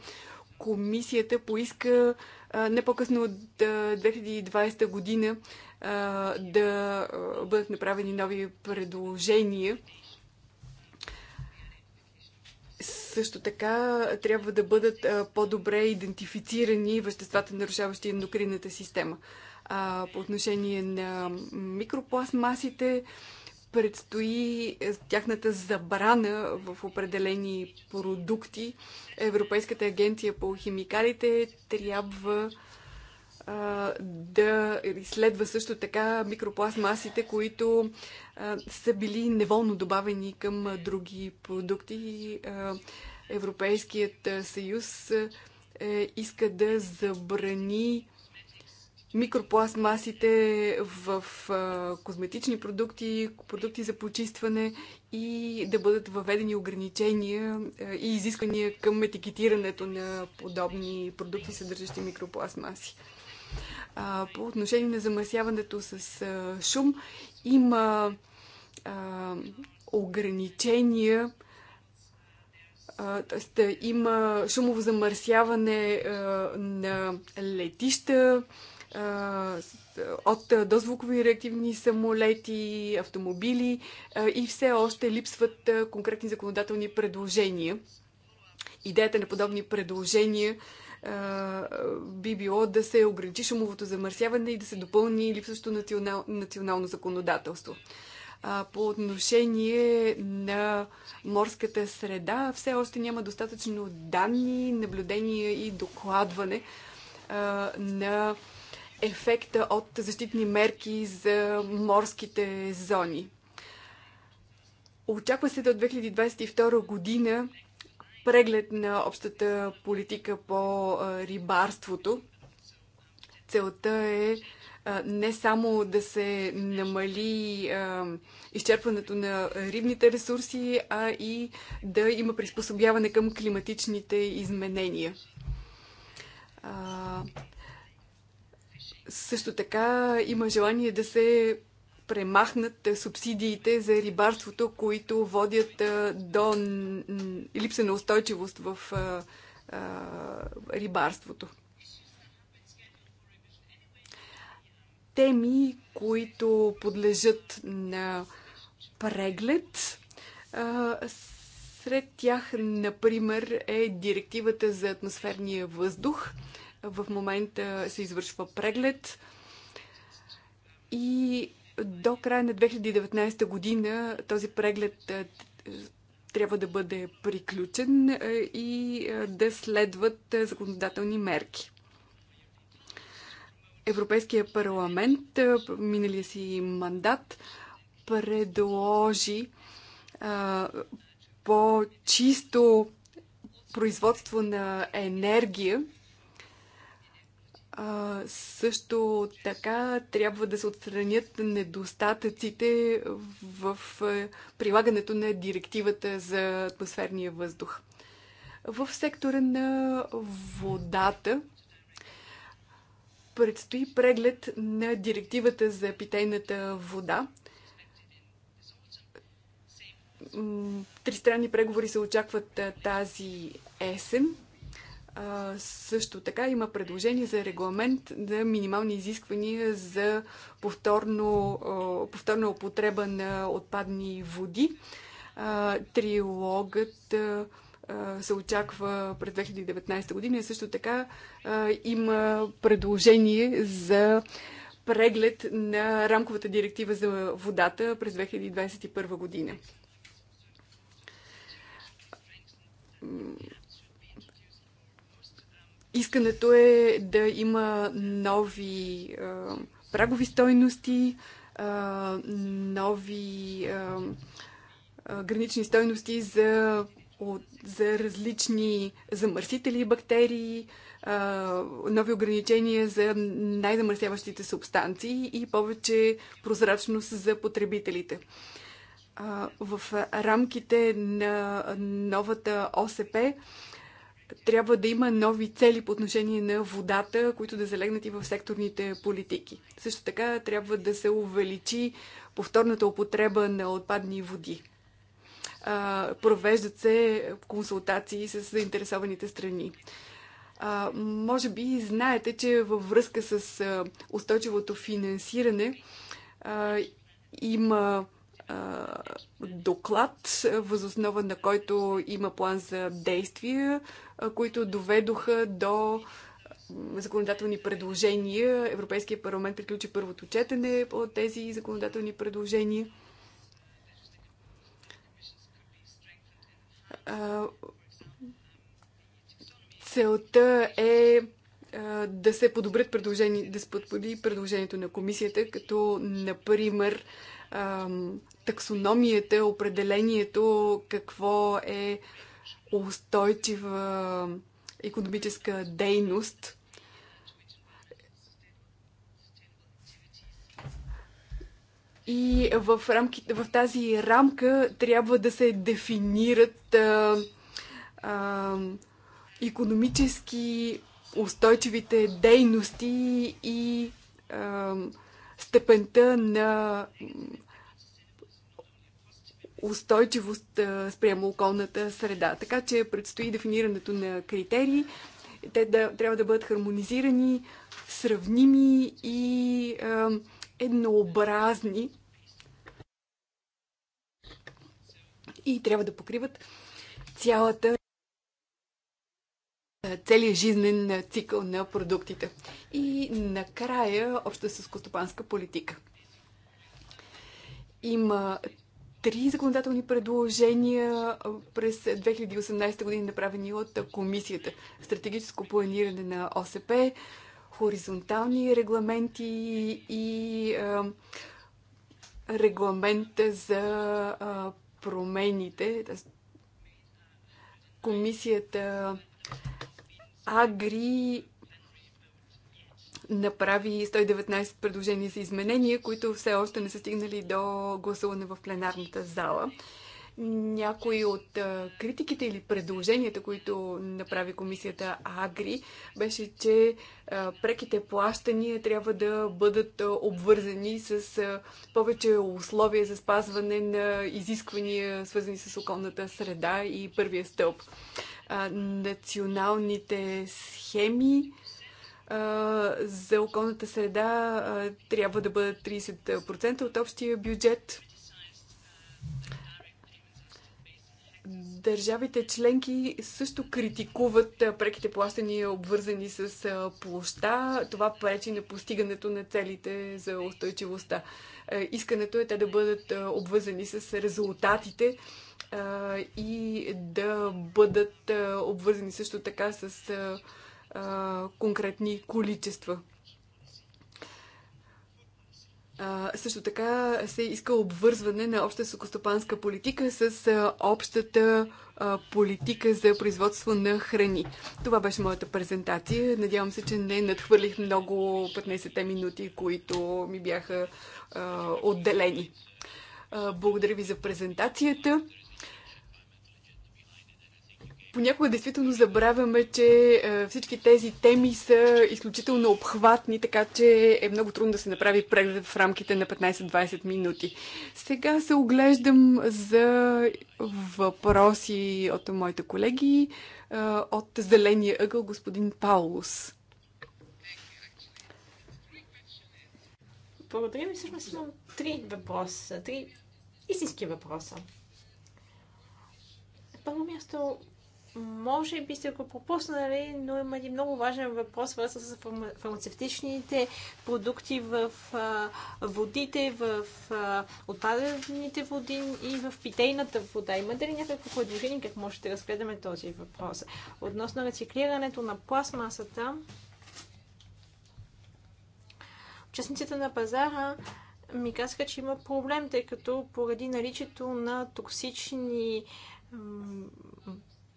S3: комисията поиска а, не по-късно от 2020 година а, да бъдат направени нови предложения също така трябва да бъдат по-добре идентифицирани веществата, нарушаващи ендокринната система. А, по отношение на микропластмасите, предстои е, тяхната забрана в определени продукти. Европейската агенция по химикалите трябва да изследва също така микропластмасите, които са били неволно добавени към други продукти. Европейският съюз е, иска да забрани микропластмасите в козметични продукти, продукти за почистване и да бъдат въведени ограничения и изисквания към етикетирането на подобни продукти, съдържащи микропластмаси. А, по отношение на замърсяването с а, шум има а, ограничения, т.е. има шумово замърсяване а, на летища, от дозвукови реактивни самолети, автомобили и все още липсват конкретни законодателни предложения. Идеята на подобни предложения би било да се ограничи шумовото замърсяване и да се допълни липсващо национал, национално законодателство. По отношение на морската среда, все още няма достатъчно данни, наблюдения и докладване на ефекта от защитни мерки за морските зони. Очаква се до 2022 година преглед на общата политика по рибарството. Целта е не само да се намали изчерпването на рибните ресурси, а и да има приспособяване към климатичните изменения. Също така има желание да се премахнат е, субсидиите за рибарството, които водят е, до липса на устойчивост в е, рибарството. Теми, които подлежат на преглед, сред тях, например, е директивата за атмосферния въздух. В момента се извършва преглед и до края на 2019 година този преглед е, трябва да бъде приключен е, и е, да следват законодателни мерки. Европейския парламент, миналия си мандат, предложи по-чисто производство на енергия а, също така трябва да се отстранят недостатъците в прилагането на директивата за атмосферния въздух. В сектора на водата предстои преглед на директивата за питейната вода. Тристранни преговори се очакват тази есен. А, също така има предложение за регламент за минимални изисквания за повторно, а, повторна употреба на отпадни води. А, трилогът а, се очаква през 2019 година и също така а, има предложение за преглед на рамковата директива за водата през 2021 година Искането е да има нови а, прагови стойности, а, нови а, а, гранични стойности за, от, за различни замърсители и бактерии, а, нови ограничения за най-замърсяващите субстанции и повече прозрачност за потребителите в рамките на новата ОСП трябва да има нови цели по отношение на водата, които да залегнат и в секторните политики. Също така трябва да се увеличи повторната употреба на отпадни води. Провеждат се консултации с заинтересованите страни. А, може би знаете, че във връзка с устойчивото финансиране а, има доклад, възоснова на който има план за действия, които доведоха до законодателни предложения. Европейския парламент приключи първото четене по тези законодателни предложения. Целта е да се подобрят предложения, да се подподи предложението на комисията, като, например, таксономията, определението какво е устойчива економическа дейност. И в, рамките, в тази рамка трябва да се дефинират а, а, економически устойчивите дейности и а, степента на устойчивост спрямо околната среда. Така че предстои дефинирането на критерии. Те да, трябва да бъдат хармонизирани, сравними и е, еднообразни. И трябва да покриват цялата е, целият жизнен цикъл на продуктите. И накрая обща селскостопанска политика. Има три законодателни предложения през 2018 година, направени от комисията. Стратегическо планиране на ОСП, хоризонтални регламенти и регламента регламент за промените. Комисията Агри направи 119 предложения за изменения, които все още не са стигнали до гласуване в пленарната зала. Някои от критиките или предложенията, които направи комисията Агри, беше, че преките плащания трябва да бъдат обвързани с повече условия за спазване на изисквания, свързани с околната среда и първия стълб националните схеми за околната среда трябва да бъдат 30% от общия бюджет. Държавите членки също критикуват преките плащания, обвързани с площа. Това пречи на постигането на целите за устойчивостта. Искането е те да бъдат обвързани с резултатите и да бъдат обвързани също така с конкретни количества. Също така се иска обвързване на обща сукостопанска политика с общата политика за производство на храни. Това беше моята презентация. Надявам се, че не надхвърлих много 15-те минути, които ми бяха отделени. Благодаря ви за презентацията понякога действително забравяме, че е, всички тези теми са изключително обхватни, така че е много трудно да се направи преглед в рамките на 15-20 минути. Сега се оглеждам за въпроси от моите колеги е, от Зеления ъгъл господин Паулус. Благодаря ви. Всъщност имам три въпроса, три
S1: истински въпроса. На първо място, може би сте го пропуснали, но има един много важен въпрос, свързан с фармацевтичните продукти в водите, в отпадените води и в питейната вода. Имате ли някакво предложение как може да разгледаме този въпрос? Относно рециклирането на пластмасата, участниците на пазара ми казаха, че има проблем, тъй като поради наличието на токсични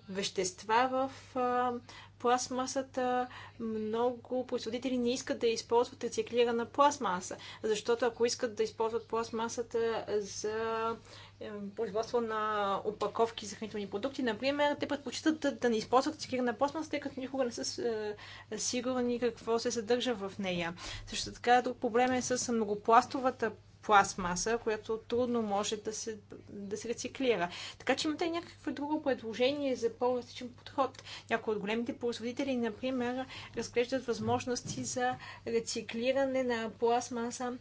S1: вещества в пластмасата. Много производители не искат да използват рециклирана пластмаса, защото ако искат да използват пластмасата за е, производство на опаковки за хранителни продукти. Например, те предпочитат да, да не използват цикирана пластмаса, тъй като никога не са е, е, сигурни какво се съдържа в нея. Също така, друг проблем е с многопластовата пластмаса, която трудно може да се, да се рециклира. Така че имате някакво друго предложение за по-различен подход. Някои от големите производители, например, разглеждат възможности за рециклиране на пластмаса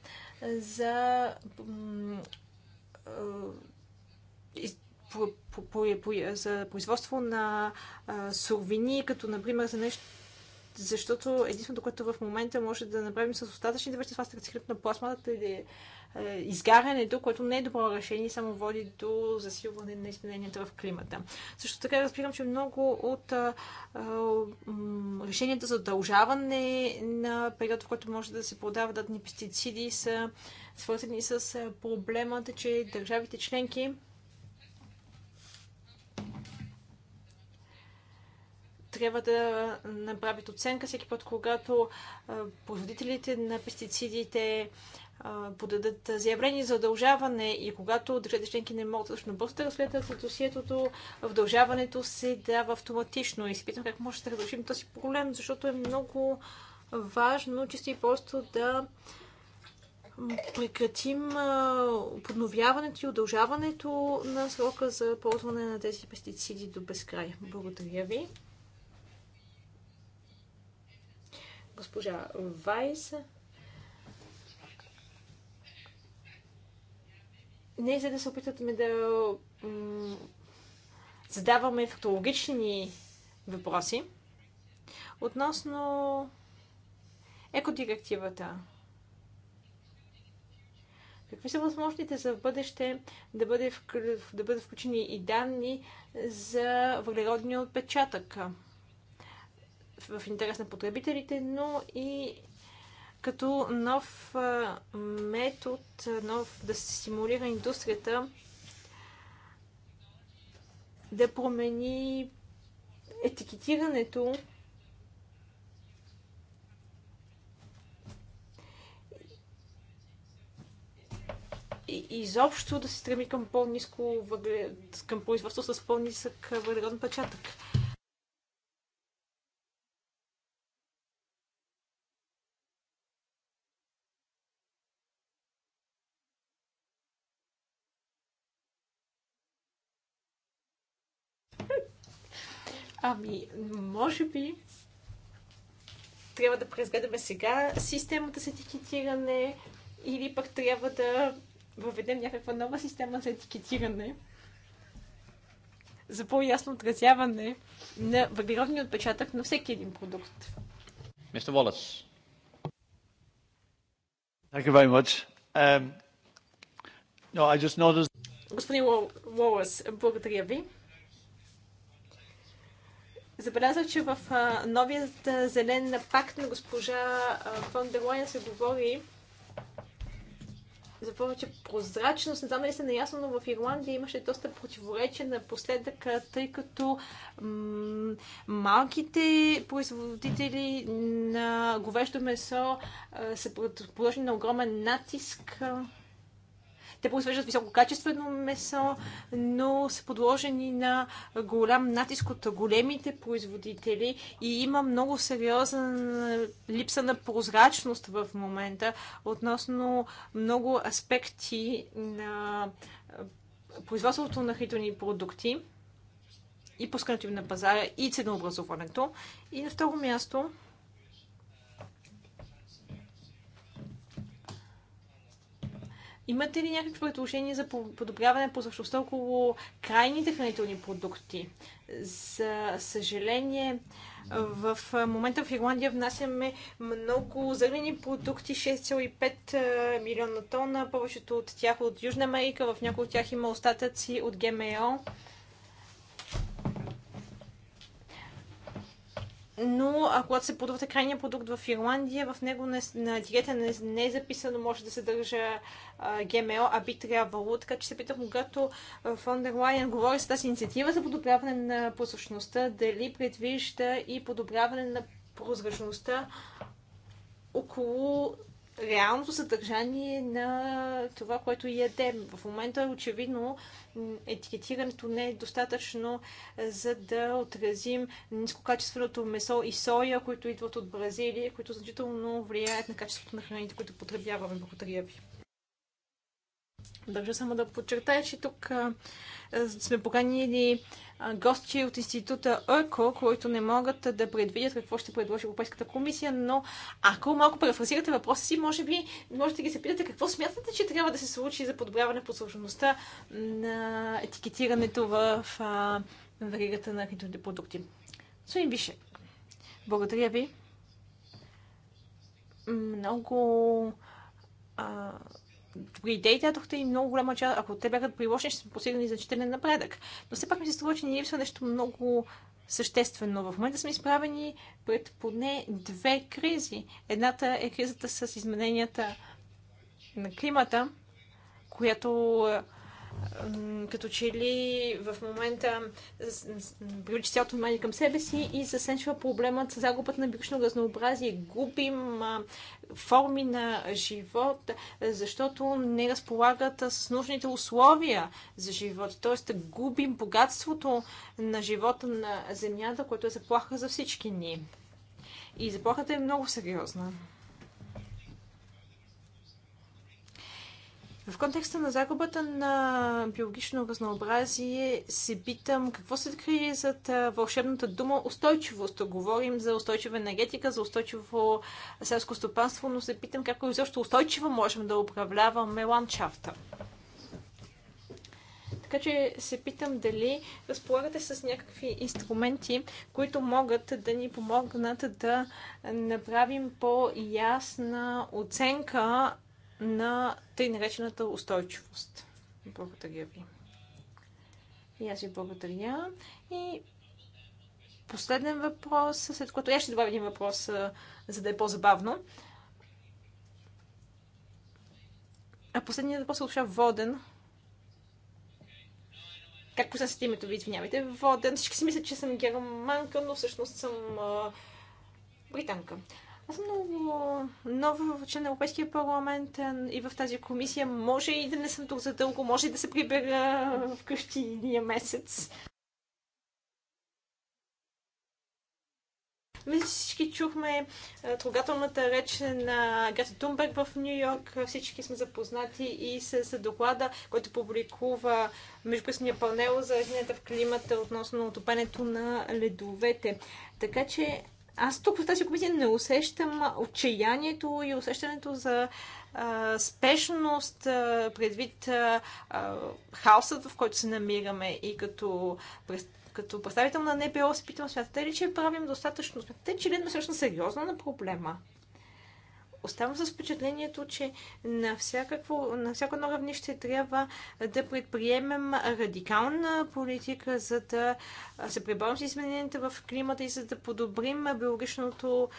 S1: за е, за производство на суровини, като например за нещо защото единственото, което в момента може да направим с остатъчните вещества, стъкцикрит на пластмата или е, изгарянето, което не е добро решение, само води до засилване на измененията в климата. Също така разбирам, че много от а, а, решенията за удължаване на период, в който може да се продават дадени пестициди, са свързани с проблемата, че държавите членки трябва да направят оценка всеки път, когато производителите на пестицидите подадат заявление за удължаване и когато държавите членки не могат точно бързо да разгледат досиетото, вдължаването се дава автоматично. И се питам как може да разрешим този проблем, защото е много важно чисто и просто да прекратим подновяването и удължаването на срока за ползване на тези пестициди до безкрай. Благодаря ви. госпожа Вайс. Не за да се опитваме да задаваме фактологични въпроси относно екодирективата. Какви са възможностите за в бъдеще да, бъде, да бъдат включени и данни за въглеродния отпечатък? в интерес на потребителите, но и като нов метод, нов да се стимулира индустрията да промени етикетирането и изобщо да се стреми към по-низко въглед, към производство с по-нисък въглероден печатък. Ами, може би трябва да преизгледаме сега системата за етикетиране или пък трябва да въведем някаква нова система за етикетиране за по-ясно отразяване на въглеродния отпечатък на всеки един продукт.
S3: Мистер Wallace. Um,
S1: Господин Уолъс, благодаря ви. Забелязах, че в новият зелен пакт на госпожа фон дер се говори за повече прозрачност. Не знам дали сте наясно, но в Ирландия имаше доста противоречия напоследък, тъй като малките производители на говеждо месо са подложени на огромен натиск. А, те произвеждат висококачествено месо, но са подложени на голям натиск от големите производители и има много сериозна липса на прозрачност в момента относно много аспекти на производството на хитрони продукти и пускането им на пазара и ценообразуването. И на второ място, Имате ли някакви предложения за подобряване по същността около крайните хранителни продукти? За съжаление, в момента в Ирландия внасяме много зелени продукти, 6,5 милиона тона, повечето от тях от Южна Америка, в някои от тях има остатъци от ГМО. но а когато се подавате крайния продукт в Ирландия, в него не, на етикета не, не е записано, може да се държа ГМО, а би трябвало. Така че се питам, когато Фондер Лайен говори с тази инициатива за подобряване на прозрачността, дали предвижда и подобряване на прозрачността около реалното съдържание на това, което ядем. В момента очевидно етикетирането не е достатъчно за да отразим нискокачественото месо и соя, които идват от Бразилия, които значително влияят на качеството на храните, които потребяваме. Благодаря ви. Държа само да подчертая, че тук сме поканили гости от института ЕКО, които не могат да предвидят какво ще предложи Европейската комисия, но ако малко парафразирате въпроса си, може би можете да ги се питате какво смятате, че трябва да се случи за подобряване послужността на етикетирането в веригата на хранителните продукти. Суин Вишек, благодаря ви. Много добри идеи дадохте и много голяма част, ако те бяха приложени, ще сме постигнали значителен напредък. Но все пак ми се струва, че ни липсва нещо много съществено. В момента сме изправени пред поне две кризи. Едната е кризата с измененията на климата, която е, като че ли в момента привлича цялото внимание към себе си и се сенчва проблемът с загубата на биологично разнообразие. Губим а, форми на живот, защото не разполагат с нужните условия за живот. Тоест губим богатството на живота на Земята, което е заплаха за всички ни. И заплахата е много сериозна. В контекста на загубата на биологично разнообразие се питам какво се крие зад вълшебната дума устойчивост. Говорим за устойчива енергетика, за устойчиво селско стопанство, но се питам как изобщо устойчиво можем да управляваме ландшафта. Така че се питам дали разполагате с някакви инструменти, които могат да ни помогнат да направим по-ясна оценка на тъй наречената устойчивост. Благодаря ви. И аз ви благодаря. И последен въпрос, след което я ще добавя един въпрос, за да е по-забавно. А последният въпрос е от Воден. Как сте името ви, извинявайте. Воден. Всички си мислят, че съм германка, но всъщност съм а, британка. Но съм много нова член на Европейския парламент и в тази комисия. Може и да не съм тук за дълго, може и да се прибера вкъщи един месец. всички чухме трогателната реч на Грета Тунберг в Нью Йорк. Всички сме запознати и с доклада, който публикува Междукъсния панел за измененията в климата относно отопенето на ледовете. Така че аз тук в тази комисия не усещам отчаянието и усещането за а, спешност а, предвид а, хаосът, в който се намираме и като като представител на НПО се питам, смятате ли, че правим достатъчно? Смятате ли, че ли всъщност сериозно на проблема? оставам с впечатлението, че на, всякакво, на всяко едно равнище трябва да предприемем радикална политика, за да се преборим с измененията в климата и за да подобрим биологичното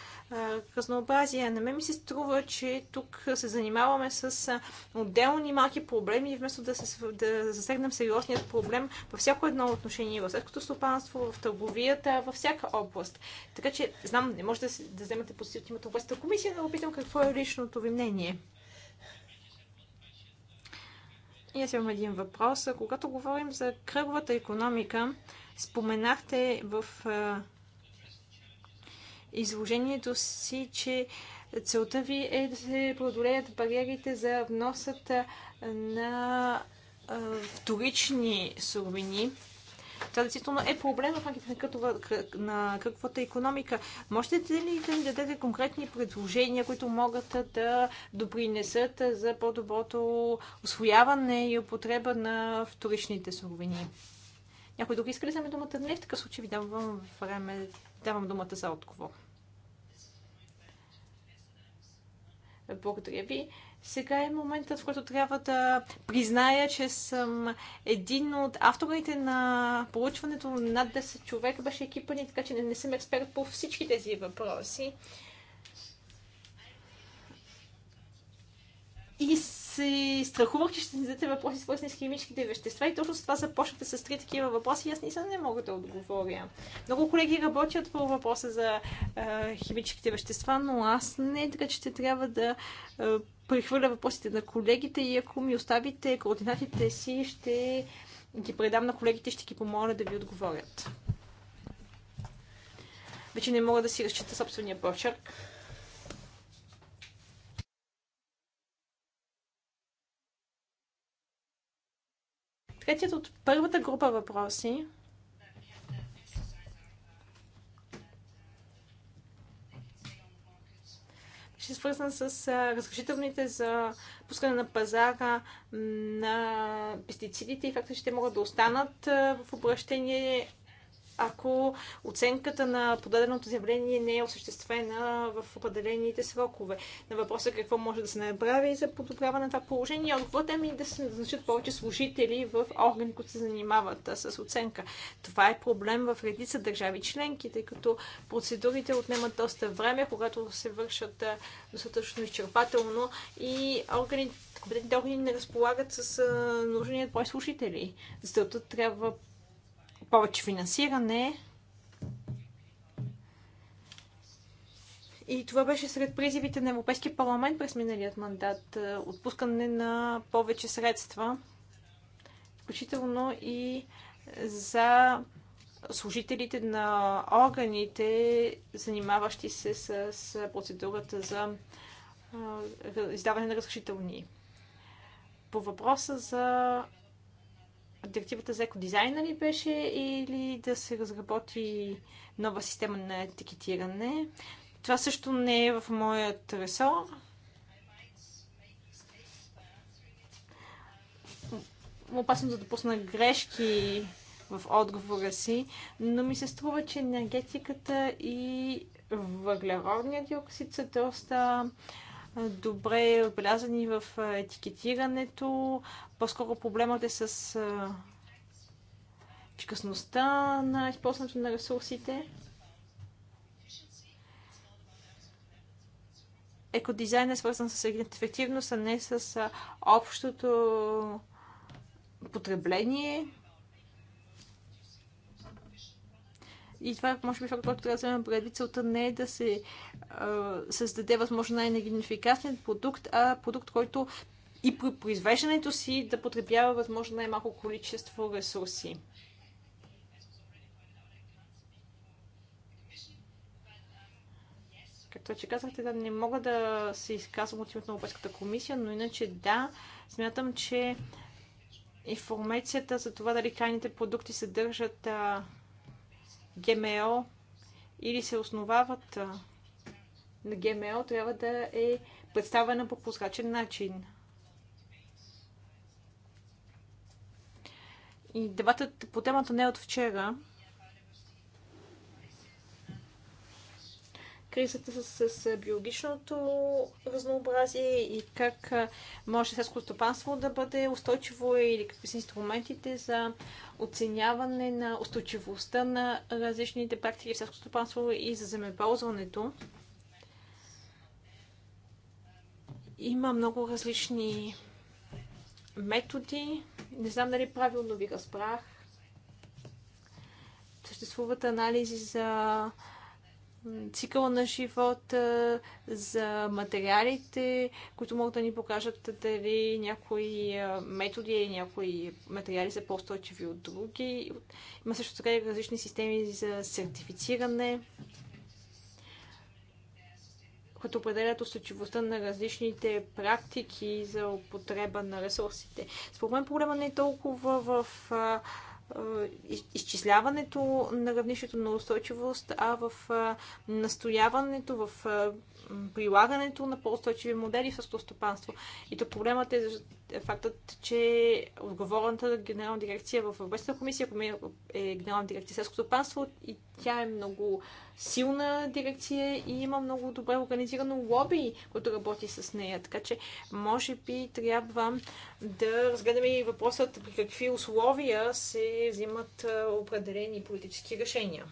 S1: разнообразие. На мен ми се струва, че тук се занимаваме с отделни малки проблеми, вместо да, се, да засегнем сериозният проблем във всяко едно отношение, в селското стопанство, в търговията, във всяка област. Така че, знам, не може да, да вземете позиция от областта Комисия, но опитам какво какво е личното ви мнение? И аз имам един въпрос. Когато говорим за кръговата економика, споменахте в изложението си, че целта ви е да се преодолеят бариерите за вносата на вторични суровини. Това действително е проблем в рамките на, крътова, економика. Можете ли да ни дадете конкретни предложения, които могат да допринесат за по-доброто освояване и употреба на вторичните суровини? Някой друг иска ли вземе думата? Не, в такъв случай ви давам време, давам думата за отговор. Благодаря ви. Сега е моментът, в който трябва да призная, че съм един от авторите на получването над 10 човека. Беше екипа ни, така че не, не съм експерт по всички тези въпроси. И се страхувах, че ще зададете въпроси, свързани с химическите вещества и точно с това започнахте с три такива въпроси и аз наистина не мога да отговоря. Много колеги работят по въпроса за а, химическите вещества, но аз не е така, че ще трябва да а, прехвърля въпросите на колегите и ако ми оставите координатите си, ще ги предам на колегите и ще ги помоля да ви отговорят. Вече не мога да си разчита собствения почерк. Третият от първата група въпроси Ще свързан с разрешителните за пускане на пазара на пестицидите и факта, че те могат да останат в обращение ако оценката на подаденото заявление не е осъществена в определените срокове. На въпроса какво може да се направи за подобряване на това положение, отговорът е ми да се назначат повече служители в органи, които се занимават с оценка. Това е проблем в редица държави членки, тъй като процедурите отнемат доста време, когато се вършат достатъчно изчерпателно и органите, компетентните органи не разполагат с нужният брой служители. Защото трябва повече финансиране. И това беше сред призивите на Европейския парламент през миналият мандат. Е, отпускане на повече средства, включително и за служителите на органите, занимаващи се с, процедурата за е, издаване на разрешителни. По въпроса за директивата за екодизайна ли беше или да се разработи нова система на етикетиране. Това също не е в моят ресор. Опасно да допусна грешки в отговора си, но ми се струва, че енергетиката и въглеродният диоксид са доста а, добре отбелязани в етикетирането. По-скоро проблемът е с ефикасността на използването на ресурсите. Екодизайн е свързан с ефективност, а не с общото потребление. И това е, може би факт, който трябва да вземем предвид. Целта не е да се а, създаде възможно най-енергийно продукт, а продукт, който и при произвеждането си да потребява възможно най-малко количество ресурси. Както че казахте, да не мога да се изказвам от името на Европейската комисия, но иначе да, смятам, че информацията за това дали крайните продукти съдържат а, ГМО или се основават на ГМО, трябва да е представена по прозрачен начин. И дебатът по темата не е от вчера. кризата с, с биологичното разнообразие и как може селското стопанство да бъде устойчиво или какви са инструментите за оценяване на устойчивостта на различните практики в селското стопанство и за земеползването. Има много различни методи. Не знам дали правилно ви разбрах. Съществуват анализи за цикъла на живота, за материалите, които могат да ни покажат дали някои методи или някои материали са по-устойчиви от други. Има също така и различни системи за сертифициране, Като определят устойчивостта на различните практики за употреба на ресурсите. Според мен проблема не е толкова в е, изчисляването на равнището на устойчивост, а в е, настояването, в е, прилагането на по-устойчиви модели в сърското стопанство. И тук проблемът е, е фактът, че отговорната генерална дирекция в Европейската комисия е генерална дирекция сърското стопанство и тя е много силна дирекция и има много добре организирано лоби, което работи с нея. Така че, може би трябва да разгледаме и въпросът при какви условия се взимат определени политически решения.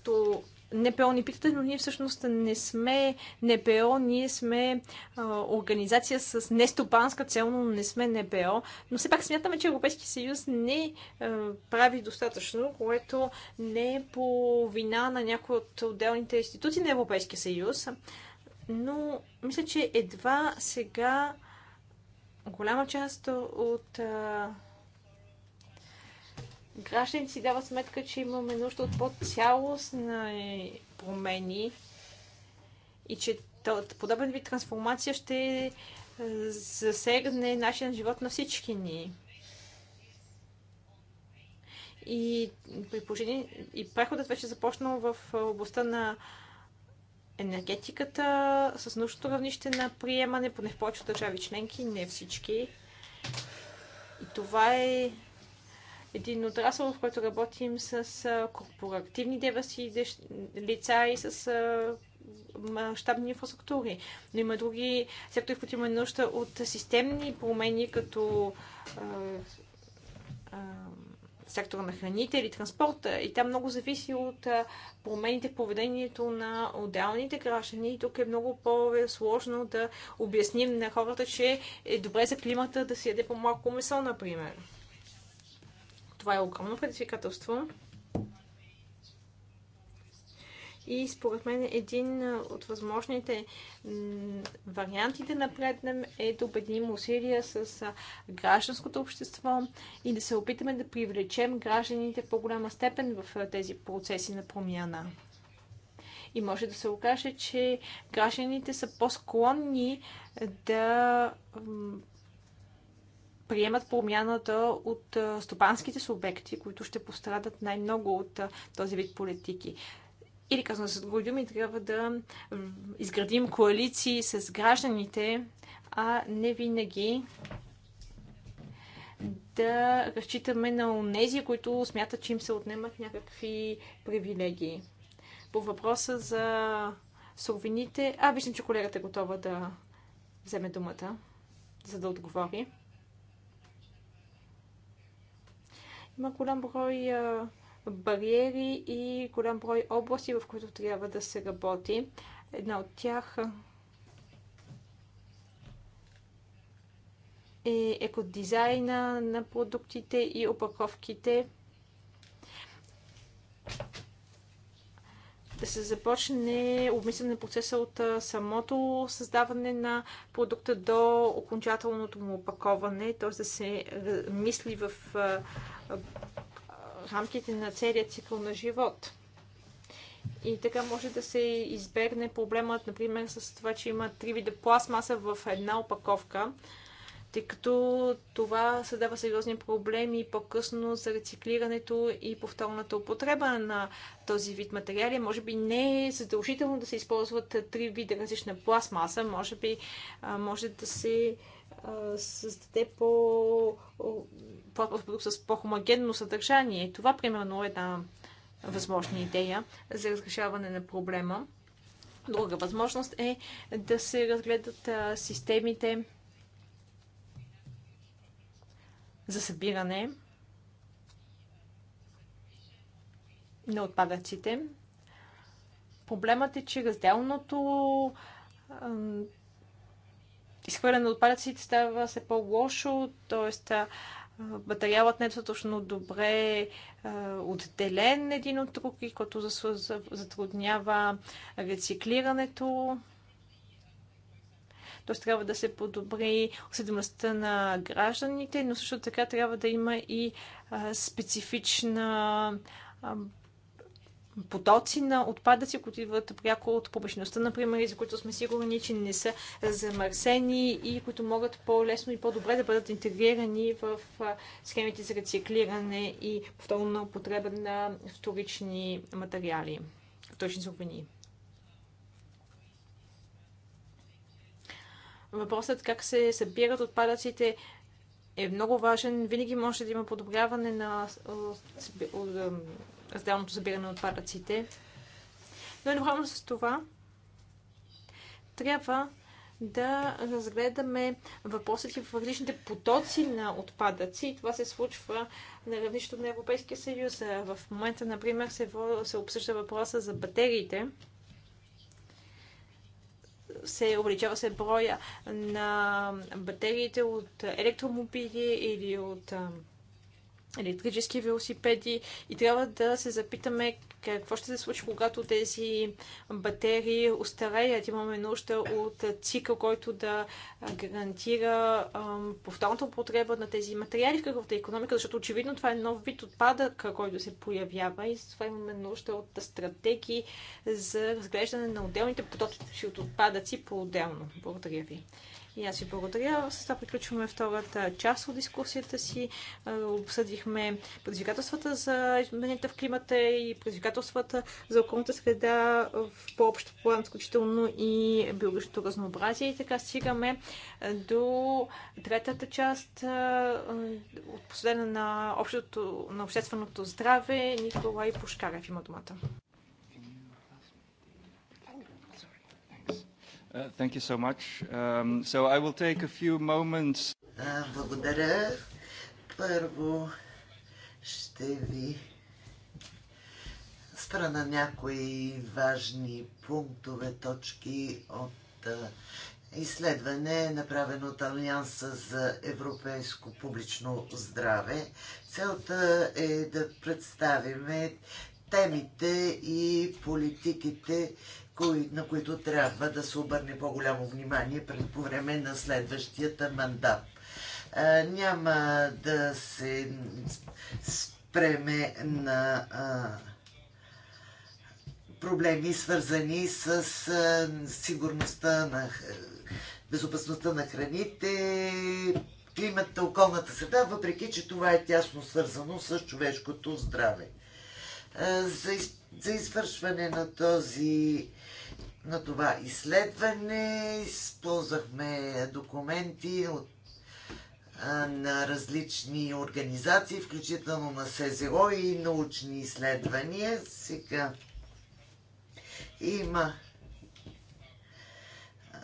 S1: Като НПО ни питате, но ние всъщност не сме НПО, ние сме а, организация с нестопанска цел, но не сме НПО. Но все пак смятаме, че Европейски съюз не а, прави достатъчно, което не е по вина на някои от отделните институции на Европейския съюз. Но мисля, че едва сега голяма част от. А, гражданите си дават сметка, че имаме нужда от по-цялостни промени и че подобен вид трансформация ще е, засегне нашия живот на всички ни. И, при положение, и преходът вече започнал в областта на енергетиката с нужното равнище на приемане, поне в повечето държави членки, не всички. И това е един отрасъл, в който работим с корпоративни деваси лица и с мащабни инфраструктури. Но има други сектори, в които има нужда от системни промени, като сектора на храните или транспорта. И там много зависи от промените в поведението на отделните граждани. И тук е много по-сложно да обясним на хората, че е добре за климата да се яде по-малко месо, например. Това е огромно предизвикателство. И според мен един от възможните варианти да напреднем е да обединим усилия с гражданското общество и да се опитаме да привлечем гражданите в по-голяма степен в тези процеси на промяна. И може да се окаже, че гражданите са по-склонни да приемат промяната от стопанските субекти, които ще пострадат най-много от този вид политики. Или казвам с други думи, трябва да изградим коалиции с гражданите, а не винаги да разчитаме на онези, които смятат, че им се отнемат някакви привилегии. По въпроса за суровините, а виждам, че колегата е готова да вземе думата, за да отговори. Има голям брой бариери и голям брой области, в които трябва да се работи. Една от тях е екодизайна на продуктите и опаковките. да се започне обмислене процеса от самото създаване на продукта до окончателното му опаковане, т.е. да се мисли в рамките на целия цикъл на живот. И така може да се избегне проблемът, например, с това, че има три вида пластмаса в една опаковка, тъй като това създава сериозни проблеми по-късно за рециклирането и повторната употреба на този вид материали. Може би не е задължително да се използват три вида различна пластмаса, може би може да се създаде по продукт с по-хомогенно съдържание. Това, примерно, е една възможна идея за разрешаване на проблема. Друга възможност е да се разгледат системите за събиране на отпадъците. Проблемът е, че разделното изхвърляне на отпадъците става все по-лошо, т.е. материалът не е достатъчно добре отделен един от друг, който затруднява рециклирането. Т.е. трябва да се подобри осведомостта на гражданите, но също така трябва да има и специфична потоци на отпадъци, които идват пряко от публичността, например, и за които сме сигурни, че не са замърсени и които могат по-лесно и по-добре да бъдат интегрирани в схемите за рециклиране и повторна употреба на вторични материали, вторични суровини. Въпросът как се събират отпадъците е много важен. Винаги може да има подобряване на разделното събиране на отпадъците. Но едновременно с това трябва да разгледаме въпросите в различните потоци на отпадъци. Това се случва на равнището на Европейския съюз. В момента, например, се, се обсъжда въпроса за батериите. Се увеличава се броя на батериите от електромобили или от електрически велосипеди и трябва да се запитаме какво ще се случи, когато тези батерии остареят. Имаме нужда от цикъл, който да гарантира повторната употреба на тези материали в кръговата економика, защото очевидно това е нов вид отпадък, който се появява и затова имаме нужда от стратегии за разглеждане на отделните потоци от отпадъци по-отделно. Благодаря ви. И аз ви благодаря. С това приключваме втората част от дискусията си. Обсъдихме предизвикателствата за измененията в климата и предизвикателствата за околната среда в по общо план, включително и биологичното разнообразие. И така стигаме до третата част от последна на, общото, на общественото здраве. Николай Пушкарев има думата.
S3: Uh, thank you so much. Um, so I will take a few moments.
S2: Благодаря. Първо ще ви спра на някои важни пунктове, точки от изследване, направено от Алианса за европейско публично здраве. Целта е да представим темите и политиките, на които трябва да се обърне по-голямо внимание пред, по време на следващията мандат. няма да се спреме на проблеми, свързани с сигурността на безопасността на храните, климата, околната среда, въпреки че това е тясно свързано с човешкото здраве. за извършване на този на това изследване. Използвахме документи от, а, на различни организации, включително на СЗО и научни изследвания. Сега има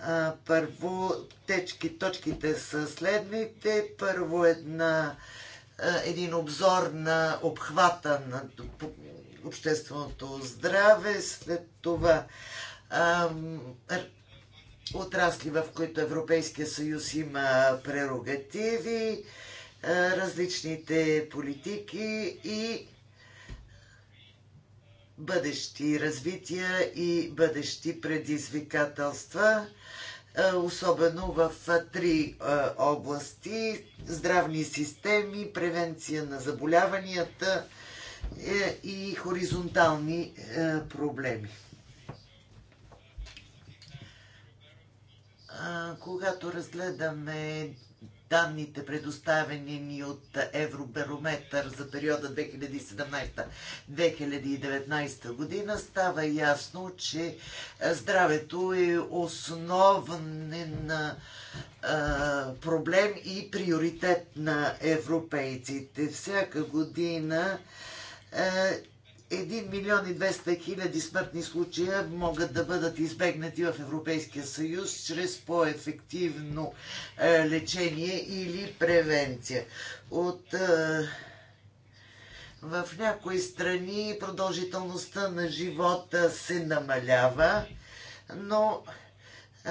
S2: а, първо течки, точките са следните. Първо една, а, един обзор на обхвата на общественото здраве, след това отрасли, в които Европейския съюз има прерогативи, различните политики и бъдещи развития и бъдещи предизвикателства, особено в три области здравни системи, превенция на заболяванията е, и хоризонтални е, проблеми. когато разгледаме данните, предоставени ни от Евробарометър за периода 2017-2019 година, става ясно, че здравето е основен проблем и приоритет на европейците. Всяка година 1 милион и 200 хиляди смъртни случая могат да бъдат избегнати в Европейския съюз чрез по-ефективно е, лечение или превенция. От е, в някои страни продължителността на живота се намалява, но е,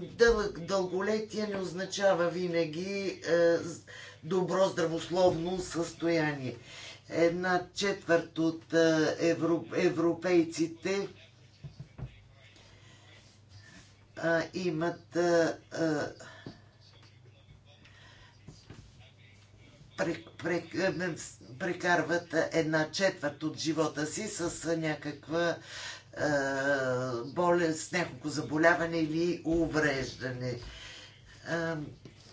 S2: дълъг, дълголетие не означава винаги добро здравословно състояние една четвърт от европейците имат прекарват една четвърт от живота си с някаква болест, някакво заболяване или увреждане.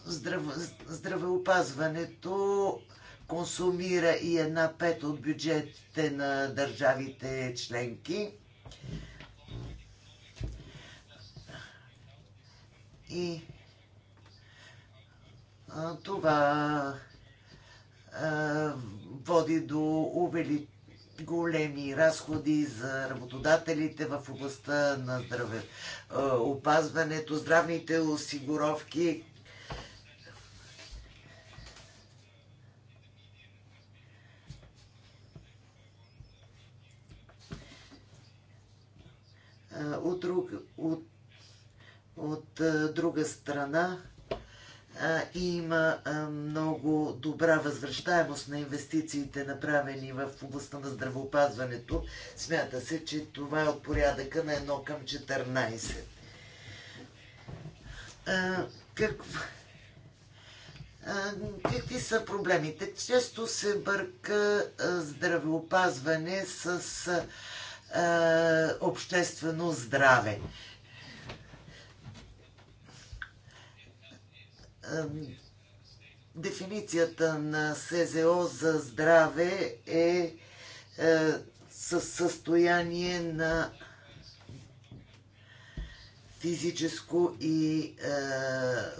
S2: Здраве, здравеопазването консумира и една пет от бюджетите на държавите членки. И това води до увели... големи разходи за работодателите в областта на здраве... опазването, здравните осигуровки, От, друг, от, от друга страна има много добра възвръщаемост на инвестициите, направени в областта на здравеопазването. Смята се, че това е от порядъка на 1 към 14. Какво? Какви са проблемите? Често се бърка здравеопазване с е, обществено здраве. Е, дефиницията на СЗО за здраве е, е със състояние на физическо и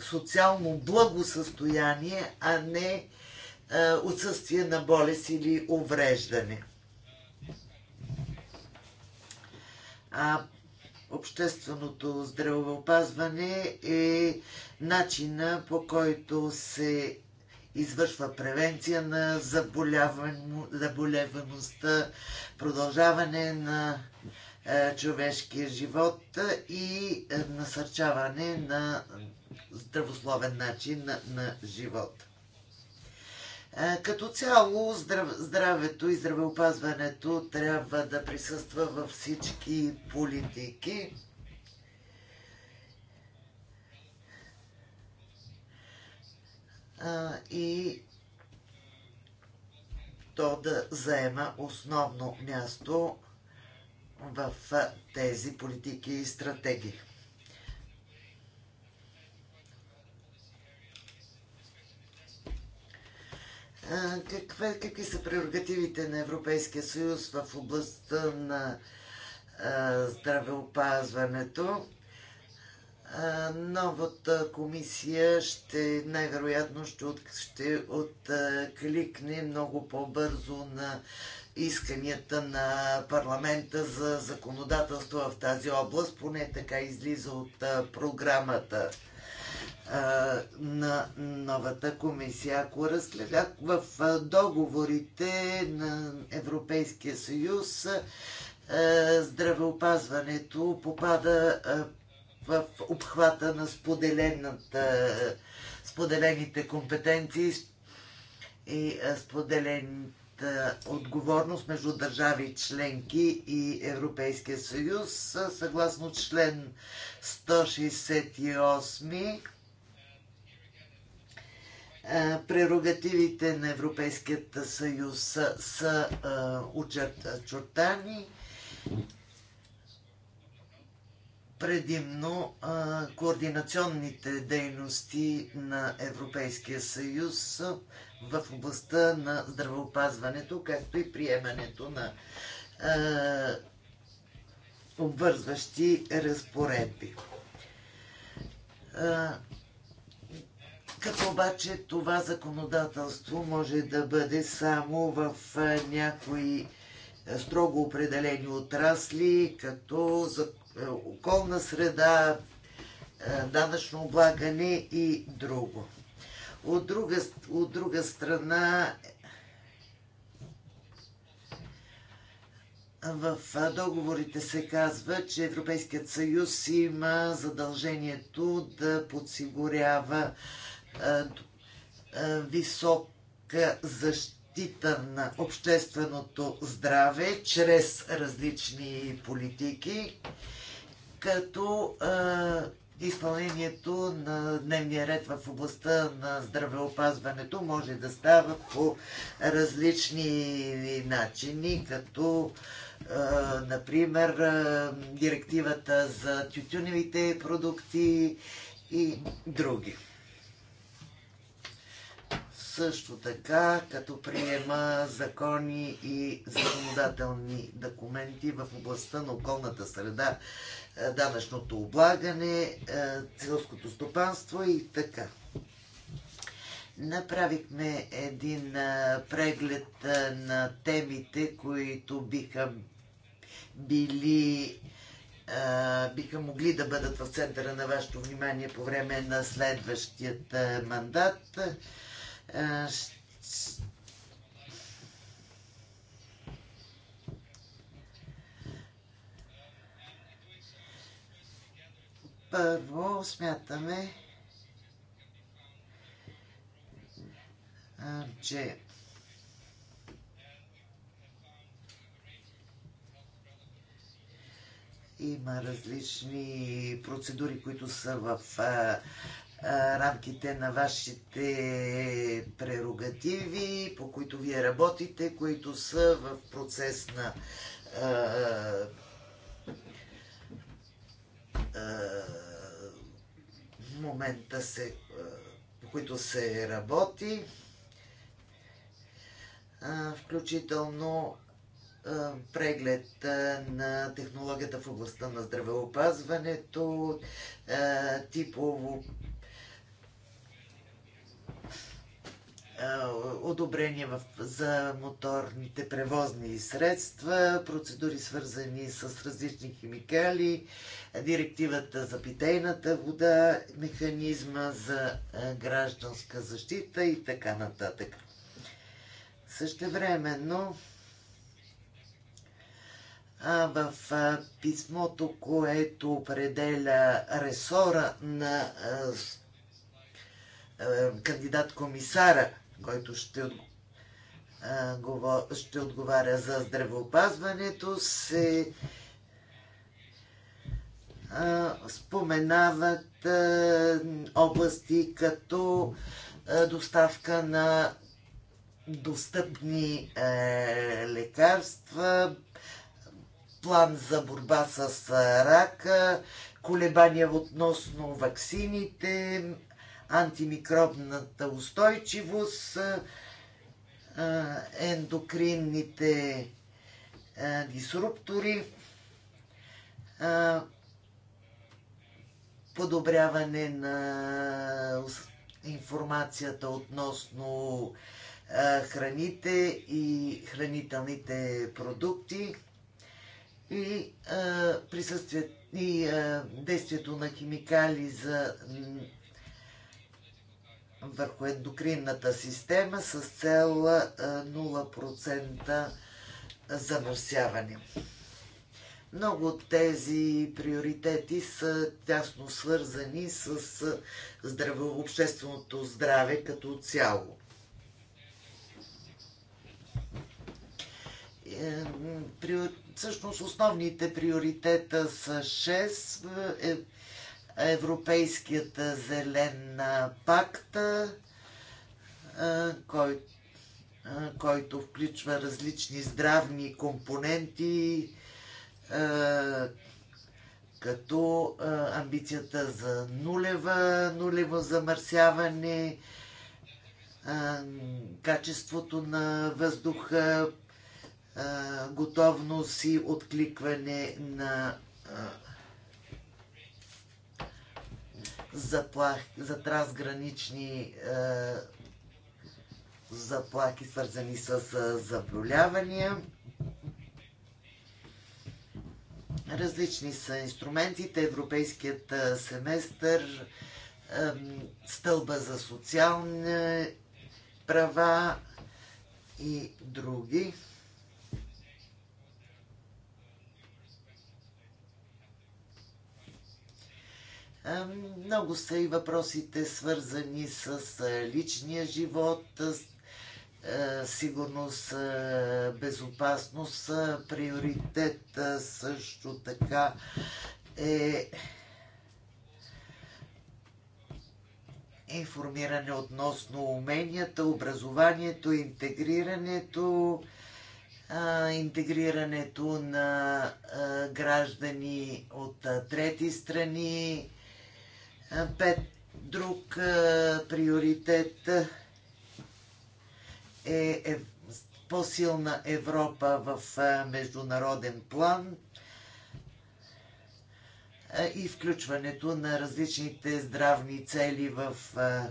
S2: социално благосъстояние, а не отсъствие на болест или увреждане. а общественото здравеопазване е начина по който се извършва превенция на заболеваността, продължаване на е, човешкия живот и е, насърчаване на здравословен начин на, на живот. Е, като цяло здравето и здравеопазването трябва да присъства във всички политики. И то да заема основно място в тези политики и стратегии. каква, какви са прерогативите на Европейския съюз в областта на здравеопазването. Новата комисия ще най-вероятно ще, от, ще откликне много по-бързо на исканията на парламента за законодателство в тази област, поне така излиза от програмата на новата комисия. Ако разгледах в договорите на Европейския съюз, здравеопазването попада в обхвата на споделената, споделените компетенции и споделената отговорност между държави членки и Европейския съюз. Съгласно член 168 е, прерогативите на Европейският съюз са, са е, очертани предимно е, координационните дейности на Европейския съюз в областта на здравеопазването, както и приемането на обвързващи разпоредби като обаче това законодателство може да бъде само в някои строго определени отрасли, като околна среда, данъчно облагане и друго. От друга, от друга страна, в договорите се казва, че Европейският съюз има задължението да подсигурява висока защита на общественото здраве чрез различни политики, като изпълнението на дневния ред в областта на здравеопазването може да става по различни начини, като например директивата за тютюневите продукти и други също така, като приема закони и законодателни документи в областта на околната среда, е, данъчното облагане, е, селското стопанство и така. Направихме един е, преглед на темите, които биха били биха могли да бъдат в центъра на вашето внимание по време на следващият мандат. Първо смятаме, че има различни процедури, които са в рамките на вашите прерогативи, по които вие работите, които са в процес на момента се, по които се работи, включително преглед на технологията в областта на здравеопазването, типово одобрения в, за моторните превозни средства, процедури свързани с различни химикали, директивата за питейната вода, механизма за гражданска защита и така нататък. Същевременно в писмото, което определя ресора на кандидат-комисара който ще, ще отговаря за здравеопазването, се споменават области като доставка на достъпни е, лекарства, план за борба с рака, колебания относно ваксините, антимикробната устойчивост, ендокринните дисруптори, подобряване на информацията относно храните и хранителните продукти и присъствието и действието на химикали за върху ендокринната система с цел 0% замърсяване. Много от тези приоритети са тясно свързани с здраве, общественото здраве като цяло. Е, всъщност основните приоритета са 6 Европейският зелен пакт, който който включва различни здравни компоненти, като амбицията за нулева, нулево замърсяване, качеството на въздуха, готовност и откликване на за трансгранични е, заплахи, свързани с е, заболявания. Различни са инструментите, европейският е, семестър, стълба за социални права и други. Много са и въпросите свързани с личния живот, сигурност, безопасност, приоритет също така е информиране относно уменията, образованието, интегрирането, интегрирането на граждани от трети страни, Пет друг а, приоритет е, е по-силна Европа в а, международен план а, и включването на различните здравни цели в а,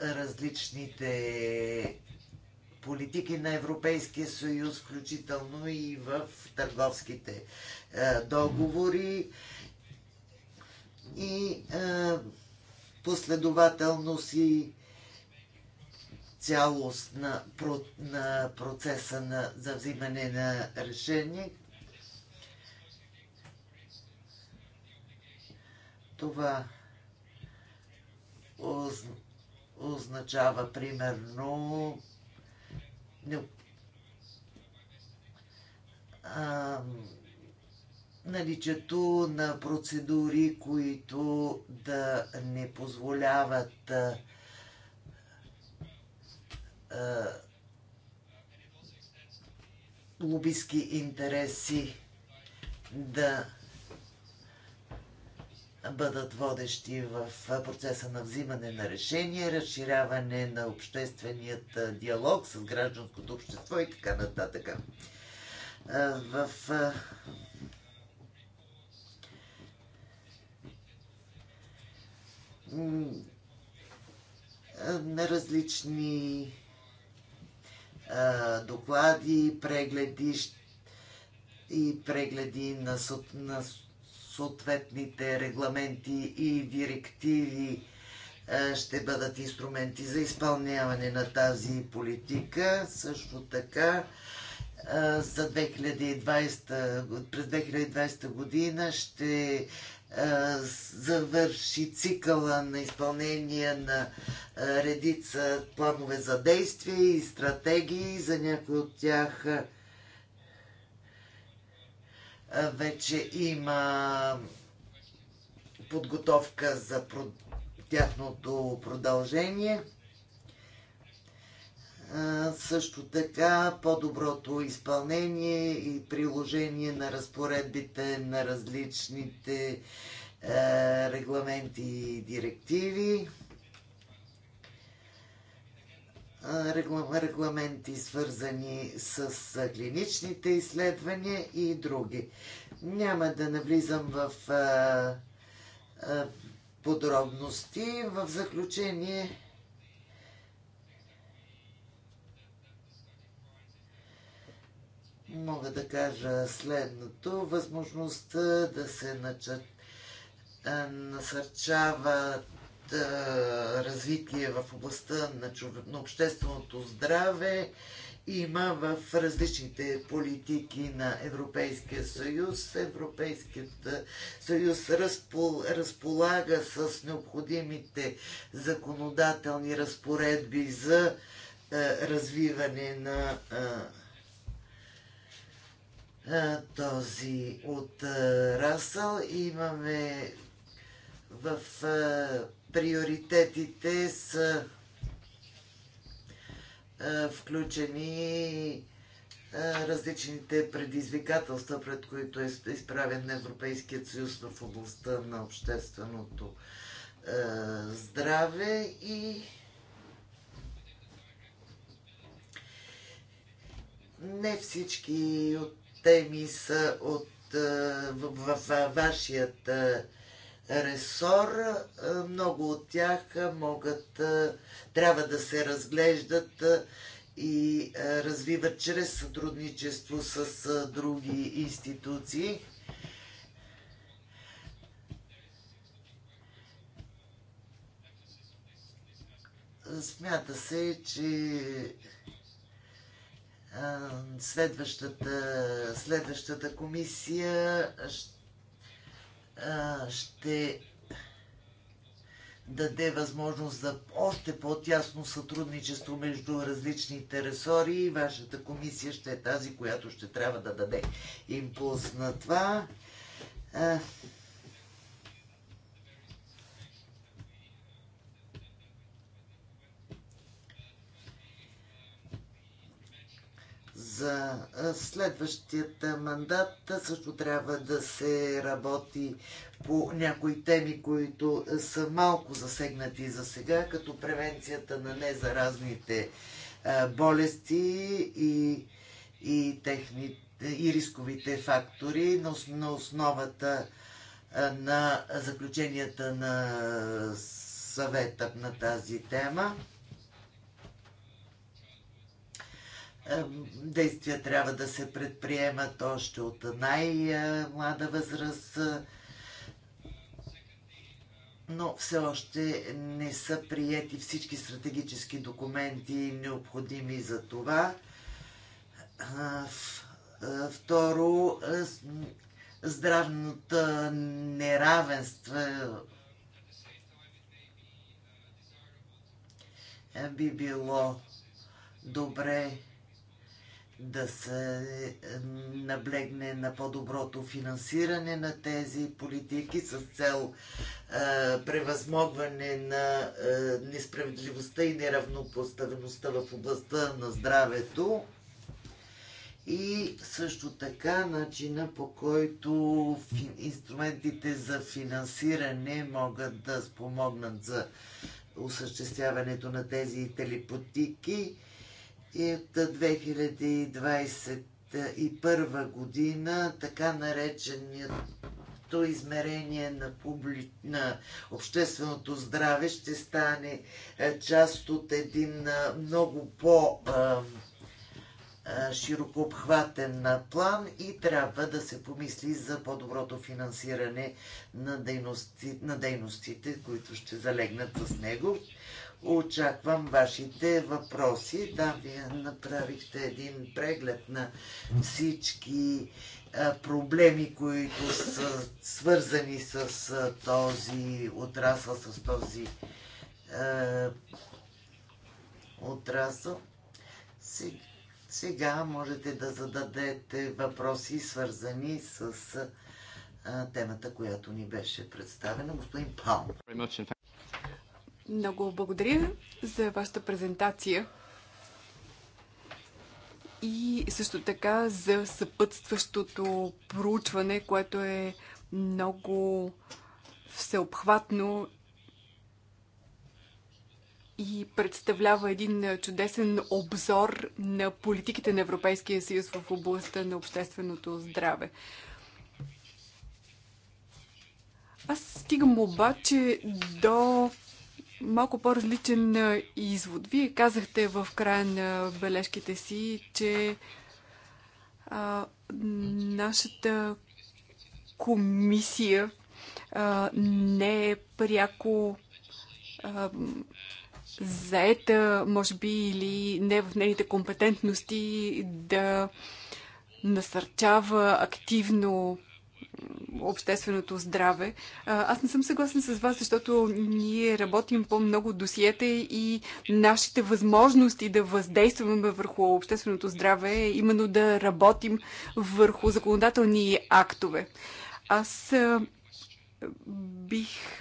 S2: различните политики на Европейския съюз, включително и в търговските договори и е, последователност и цялост на, на процеса на, за взимане на решение. Това оз, означава примерно не, а, наличието на процедури, които да не позволяват а, а, лобистки интереси да бъдат водещи в процеса на взимане на решения, разширяване на общественият диалог с гражданското общество и така нататък. В на различни доклади, прегледи и прегледи на, на съответните регламенти и директиви ще бъдат инструменти за изпълняване на тази политика. Също така за 2020, през 2020 година ще завърши цикъла на изпълнение на редица планове за действие и стратегии. За някои от тях вече има подготовка за тяхното продължение също така по-доброто изпълнение и приложение на разпоредбите на различните регламенти и директиви, регламенти свързани с клиничните изследвания и други. Няма да навлизам в подробности. В заключение мога да кажа следното. Възможността да се начат, насърчават развитие в областта на, чове... на общественото здраве има в различните политики на Европейския съюз. Европейският съюз разпол... разполага с необходимите законодателни разпоредби за развиване на този от Расъл. Имаме в приоритетите са включени различните предизвикателства, пред които е изправен Европейският съюз в областта на общественото здраве и не всички от теми са от, е, в, в, в вашият е, ресор. Е, много от тях могат, трябва да се разглеждат и развиват чрез сътрудничество с други институции. Смята се, че следващата, следващата комисия ще даде възможност за още по-тясно сътрудничество между различните ресори и вашата комисия ще е тази, която ще трябва да даде импулс на това. за следващият мандат. Също трябва да се работи по някои теми, които са малко засегнати за сега, като превенцията на незаразните болести и, и, техни, и рисковите фактори на, на основата на заключенията на съвета на тази тема. действия трябва да се предприемат още от най-млада възраст, но все още не са приети всички стратегически документи необходими за това. Второ, здравната неравенство би било добре да се наблегне на по-доброто финансиране на тези политики с цел е, превъзмогване на е, несправедливостта и неравнопоставеността в областта на здравето и също така начина по който инструментите за финансиране могат да спомогнат за осъществяването на тези телепотики и от 2021 година така нареченият измерение на, публи... на общественото здраве ще стане е, част от един е, много по- е, широко обхватен план и трябва да се помисли за по-доброто финансиране на, дейности, на дейностите, които ще залегнат с него. Очаквам вашите въпроси. Да, вие направихте един преглед на всички проблеми, които са свързани с този отрасъл, с този е, отрасъл. Сега можете да зададете въпроси, свързани с темата, която ни беше представена. Господин Палм.
S3: Много благодаря за вашата презентация и също така за съпътстващото проучване, което е много всеобхватно и представлява един чудесен обзор на политиките на Европейския съюз в областта на общественото здраве. Аз стигам обаче до малко по-различен извод. Вие казахте в края на бележките си, че а, нашата комисия а, не е пряко а, заета, може би, или не е в нейните компетентности да насърчава активно общественото здраве. Аз не съм съгласен с вас, защото ние работим по много досиета и нашите възможности да въздействаме върху общественото здраве е именно да работим върху законодателни актове. Аз бих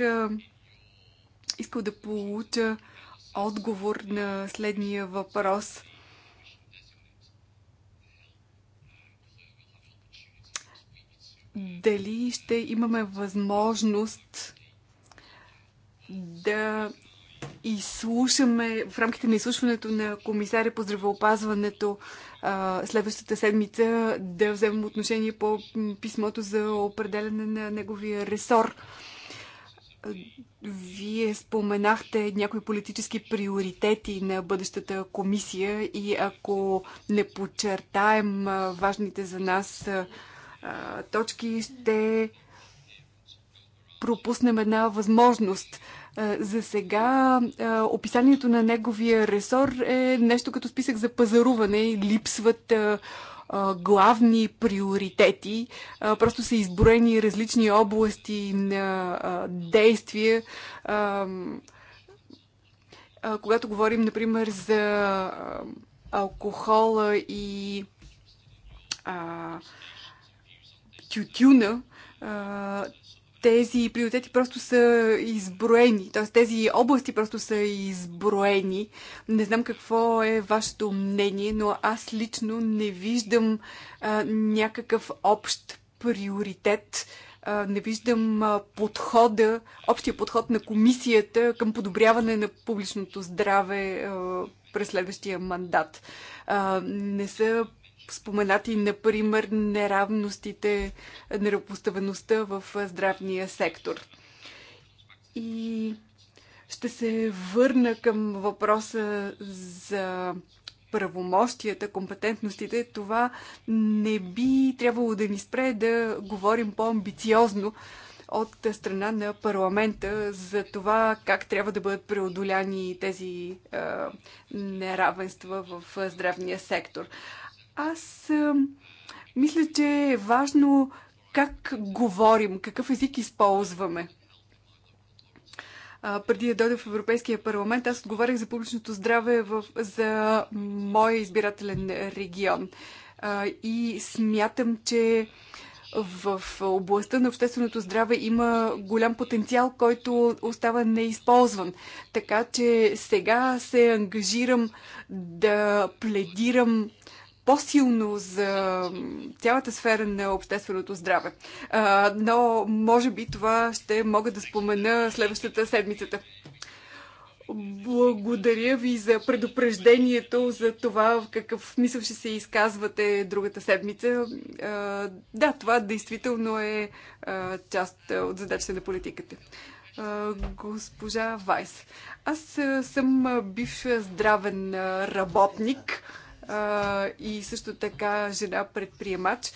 S3: искал да получа отговор на следния въпрос – дали ще имаме възможност да изслушаме в рамките на изслушването на комисаря по здравеопазването следващата седмица да вземем отношение по писмото за определене на неговия ресор. Вие споменахте някои политически приоритети на бъдещата комисия и ако не подчертаем важните за нас точки ще пропуснем една възможност. за сега описанието на неговия ресор е нещо като списък за пазаруване и липсват главни приоритети. Просто са изброени различни области на действия. Когато говорим, например, за алкохола и тютюна, тези приоритети просто са изброени, т.е. тези области просто са изброени. Не знам какво е вашето мнение, но аз лично не виждам някакъв общ приоритет, не виждам подхода, общия подход на комисията към подобряване на публичното здраве през следващия мандат. не са споменати, например, неравностите, неравнопоставеността в здравния сектор. И ще се върна към въпроса за правомощията, компетентностите. Това не би трябвало да ни спре да говорим по-амбициозно от страна на парламента за това как трябва да бъдат преодоляни тези е, неравенства в здравния сектор. Аз а, мисля, че е важно как говорим, какъв език използваме. А, преди да дойда в Европейския парламент, аз отговарях за публичното здраве в, за моя избирателен регион. А, и смятам, че в областта на общественото здраве има голям потенциал, който остава неизползван. Така че сега се ангажирам да пледирам по-силно за цялата сфера на общественото здраве. Но, може би, това ще мога да спомена следващата седмицата. Благодаря ви за предупреждението за това в какъв смисъл ще се изказвате другата седмица. Да, това действително е част от задачата на политиката госпожа Вайс. Аз съм бивш здравен работник а, и също така жена предприемач.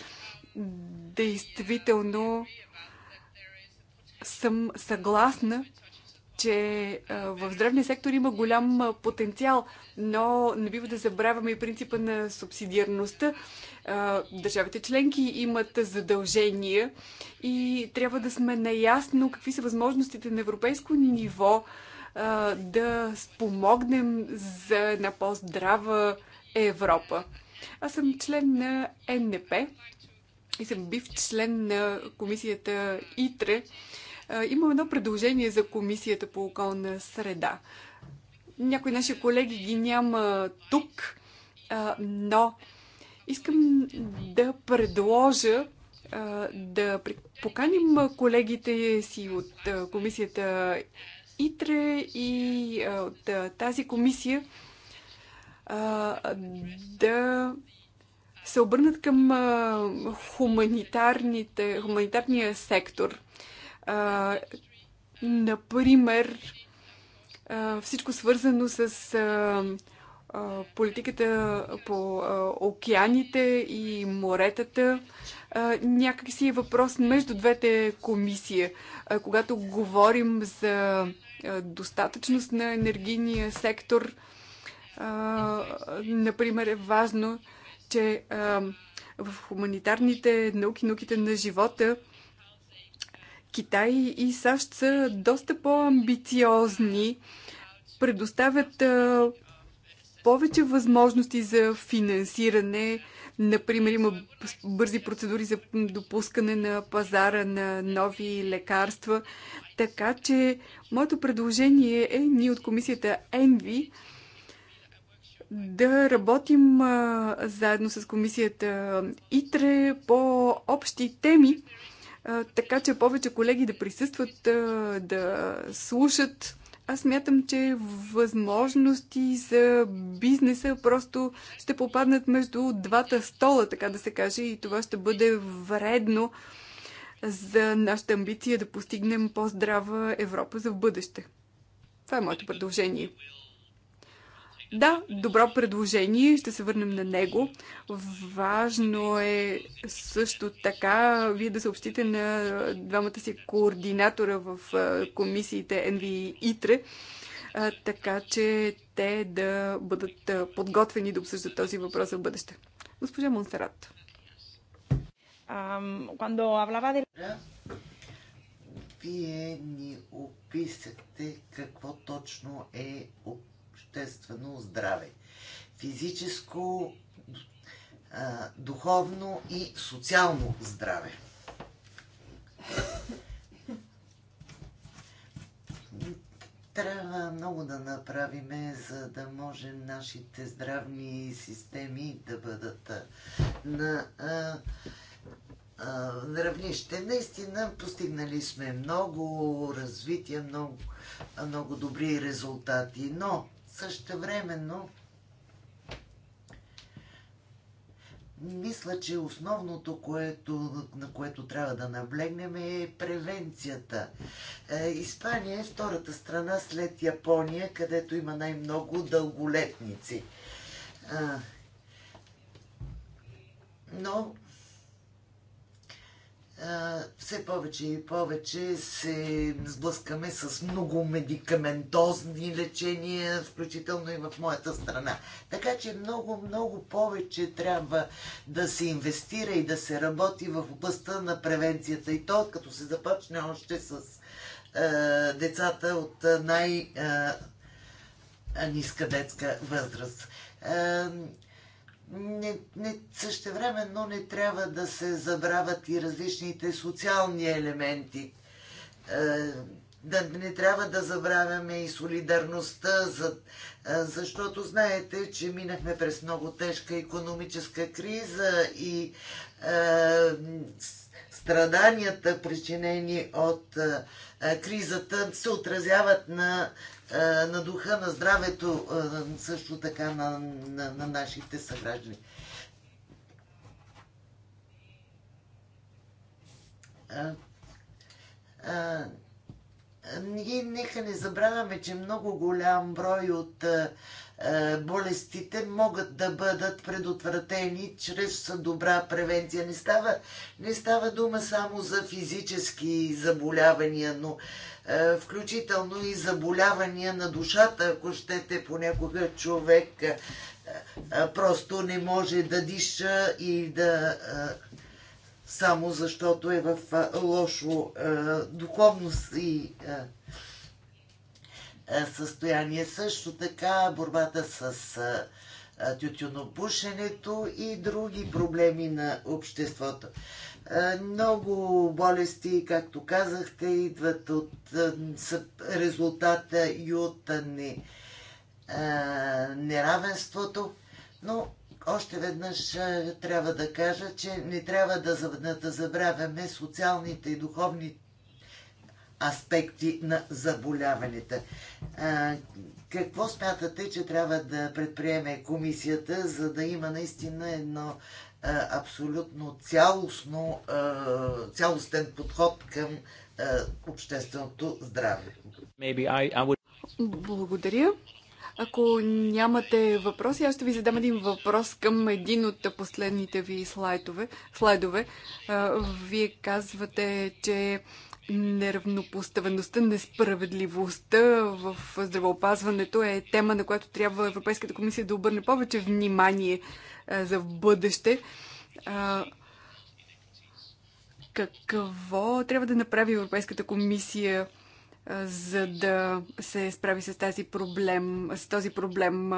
S3: Действително съм съгласна, че в здравния сектор има голям потенциал, но не бива да забравяме и принципа на субсидиарността. Държавите членки имат задължения и трябва да сме наясно какви са възможностите на европейско ниво да спомогнем за една по-здрава Европа. Аз съм член на НП и съм бив член на комисията ИТРЕ. Имам едно предложение за комисията по околна среда. Някои наши колеги ги няма тук, но искам да предложа да поканим колегите си от комисията ИТРЕ и от тази комисия да се обърнат към хуманитарните, хуманитарния сектор. Например, всичко свързано с политиката по океаните и моретата някакси е въпрос между двете комисии. Когато говорим за достатъчност на енергийния сектор, например, е важно, че в хуманитарните науки, науките на живота, Китай и САЩ са доста по-амбициозни, предоставят повече възможности за финансиране. Например, има бързи процедури за допускане на пазара на нови лекарства. Така че, моето предложение е ние от комисията Енви да работим а, заедно с комисията ИТРЕ по общи теми, а, така че повече колеги да присъстват, а, да слушат. Аз мятам, че възможности за бизнеса просто ще попаднат между двата стола, така да се каже, и това ще бъде вредно за нашата амбиция да постигнем по-здрава Европа за в бъдеще. Това е моето предложение. Да, добро предложение, ще се върнем на него. Важно е също така вие да съобщите на двамата си координатора в комисиите НВИ и ИТРЕ, така че те да бъдат подготвени да обсъждат този въпрос в бъдеще. Госпожа Монсерат.
S2: Вие ни описахте какво точно е обществено здраве. Физическо, духовно и социално здраве. Трябва много да направиме, за да можем нашите здравни системи да бъдат на равнище. Наистина постигнали сме много развитие, много, много добри резултати, но Същевременно, мисля, че основното, което, на което трябва да наблегнем е превенцията. Е, Испания е втората страна след Япония, където има най-много дълголетници. но все повече и повече се сблъскаме с много медикаментозни лечения, включително и в моята страна. Така че много, много повече трябва да се инвестира и да се работи в областта на превенцията. И то, като се започне още с е, децата от най- е, детска възраст. Е, не, не, същевременно не трябва да се забравят и различните социални елементи. Е, да, не трябва да забравяме и солидарността, за, е, защото знаете, че минахме през много тежка економическа криза и е, страданията, причинени от е, кризата, се отразяват на е, на духа, на здравето, е, също така на, на, на нашите съграждани. Е, ние нека не забравяме, че много голям брой от болестите могат да бъдат предотвратени чрез добра превенция. Не става, не става дума само за физически заболявания, но е, включително и заболявания на душата, ако щете, понякога човек е, е, просто не може да диша и да само защото е в лошо духовност и състояние. Също така борбата с тютюнопушенето и други проблеми на обществото. Е, много болести, както казахте, идват от е, резултата и от е, не, неравенството, но още веднъж трябва да кажа, че не трябва да забравяме социалните и духовни аспекти на заболяванията. Какво смятате, че трябва да предприеме комисията, за да има наистина едно е, абсолютно цялостно, е, цялостен подход към е, общественото здраве.
S3: Благодаря. Ако нямате въпроси, аз ще ви задам един въпрос към един от последните ви слайдове. слайдове. Вие казвате, че неравнопоставеността, несправедливостта в здравеопазването е тема, на която трябва Европейската комисия да обърне повече внимание е, за бъдеще. Какво трябва да направи Европейската комисия, за да се справи с, тази проблем, с този проблем,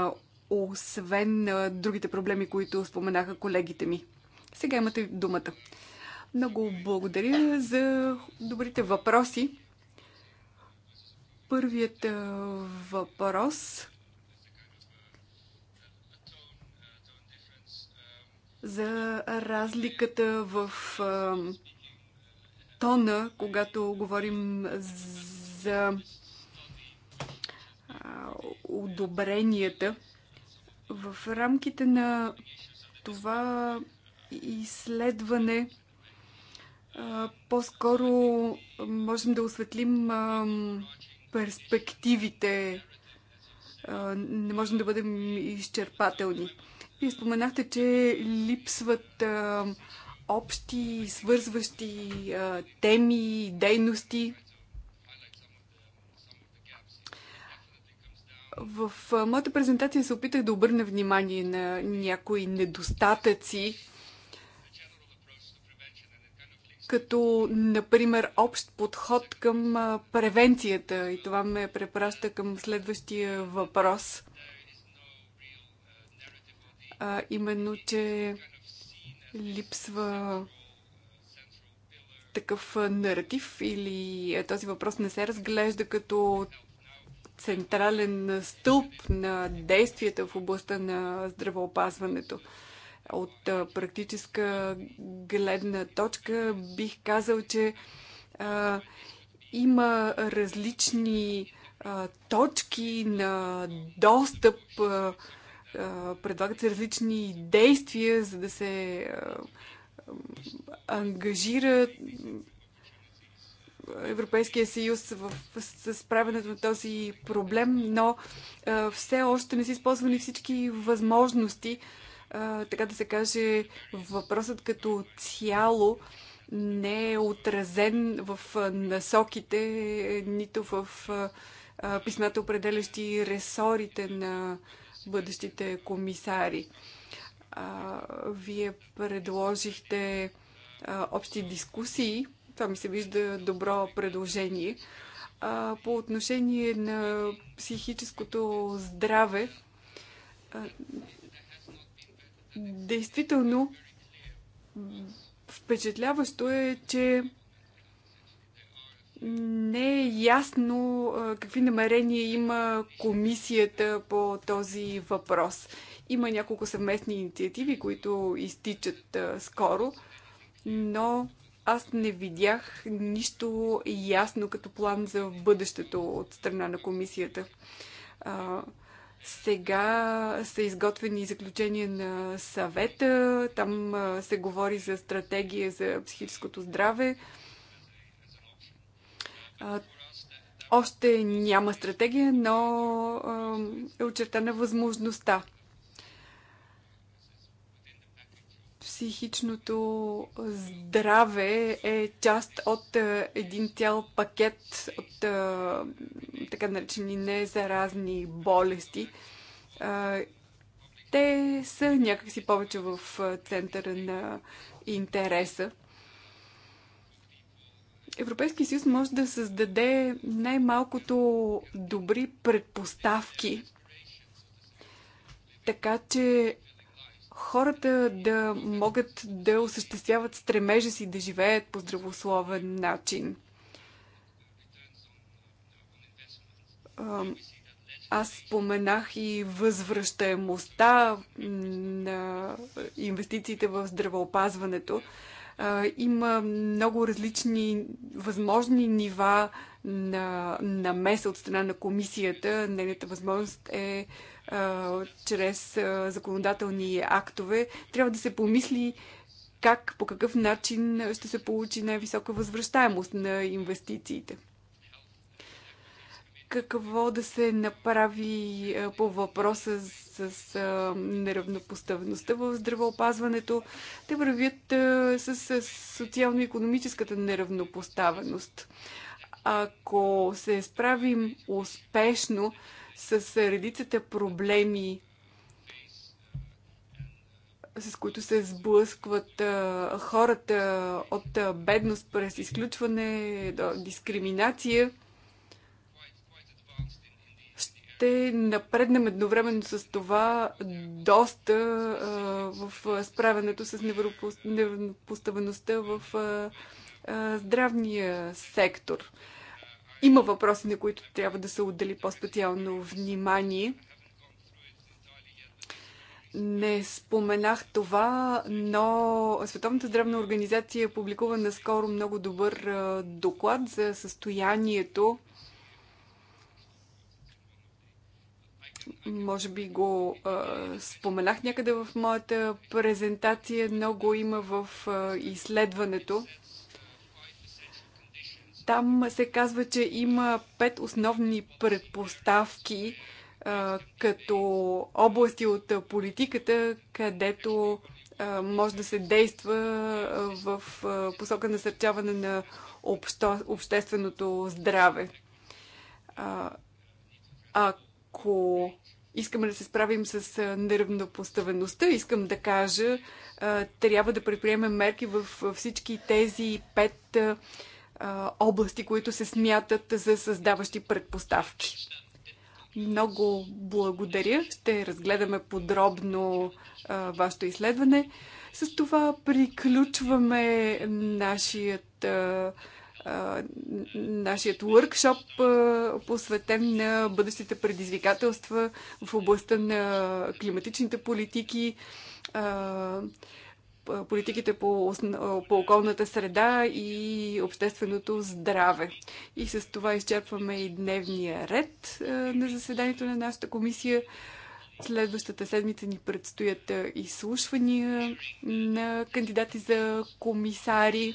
S3: освен другите проблеми, които споменаха колегите ми? Сега имате думата. Много благодаря за добрите въпроси. Първият въпрос за разликата в а, тона, когато говорим за а, одобренията. В рамките на това изследване по-скоро можем да осветлим а, перспективите. А, не можем да бъдем изчерпателни. Вие споменахте, че липсват а, общи, свързващи а, теми, дейности. В а, моята презентация се опитах да обърна внимание на някои недостатъци, като, например, общ подход към превенцията. И това ме препраща към следващия въпрос а именно, че липсва такъв наратив или този въпрос не се разглежда като централен стълб на действията в областта на здравеопазването. От практическа гледна точка бих казал, че а, има различни а, точки на достъп. А, предлагат се различни действия, за да се ангажира Европейския съюз в, с справянето на този проблем, но все още не са използвани всички възможности. така да се каже, въпросът като цяло не е отразен в насоките, нито в писмата, определящи ресорите на а, бъдещите комисари. А, вие предложихте а, общи дискусии. Това ми се вижда добро предложение. А, по отношение на психическото здраве, а, действително впечатляващо е, че не е ясно какви намерения има комисията по този въпрос. Има няколко съвместни инициативи, които изтичат скоро, но аз не видях нищо ясно като план за бъдещето от страна на комисията. Сега са изготвени заключения на съвета. Там се говори за стратегия за психическото здраве. Още няма стратегия, но е очертана възможността. Психичното здраве е част от един цял пакет от така наречени незаразни болести. Те са някакси повече в центъра на интереса Европейския съюз може да създаде най-малкото добри предпоставки, така че хората да могат да осъществяват стремежа си да живеят по здравословен начин. Аз споменах и възвръщаемостта на инвестициите в здравеопазването. Има много различни възможни нива на меса от страна на комисията. Нейната възможност е чрез законодателни актове. Трябва да се помисли как, по какъв начин ще се получи най-висока възвръщаемост на инвестициите какво да се направи е, по въпроса с, с е, неравнопоставеността в здравеопазването. Те вървят е, с, с социално-економическата неравнопоставеност. Ако се справим успешно с редицата проблеми, с които се сблъскват а, хората от а, бедност през изключване до дискриминация, ще напреднем едновременно с това доста а, в справянето с невропоставеността в а, а, здравния сектор. Има въпроси, на които трябва да се отдели по-специално внимание. Не споменах това, но Световната здравна организация публикува наскоро много добър доклад за състоянието може би го а, споменах някъде в моята презентация, много има в а, изследването. Там се казва, че има пет основни предпоставки а, като области от политиката, където а, може да се действа в а, посока насърчаване на общо, общественото здраве. А, ако ако искаме да се справим с поставеността, искам да кажа, трябва да предприемем мерки в всички тези пет области, които се смятат за създаващи предпоставки. Много благодаря. Ще разгледаме подробно вашето изследване. С това приключваме нашият а, нашият workshop, посветен на бъдещите предизвикателства в областта на климатичните политики, политиките по, по околната среда и общественото здраве. И с това изчерпваме и дневния ред на заседанието на нашата комисия. Следващата седмица ни предстоят изслушвания на кандидати за комисари.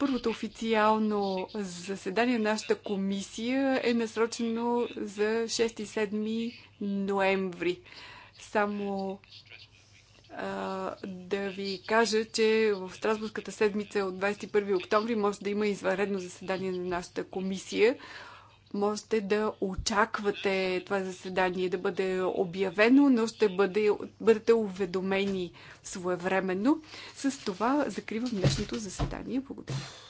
S3: Първото официално заседание на нашата комисия е насрочено за 6 и 7 ноември. Само да ви кажа, че в Страсбургската седмица от 21 октомври може да има извънредно заседание на нашата комисия можете да очаквате това заседание да бъде обявено, но ще бъде, бъдете уведомени своевременно. С това закривам днешното заседание. Благодаря.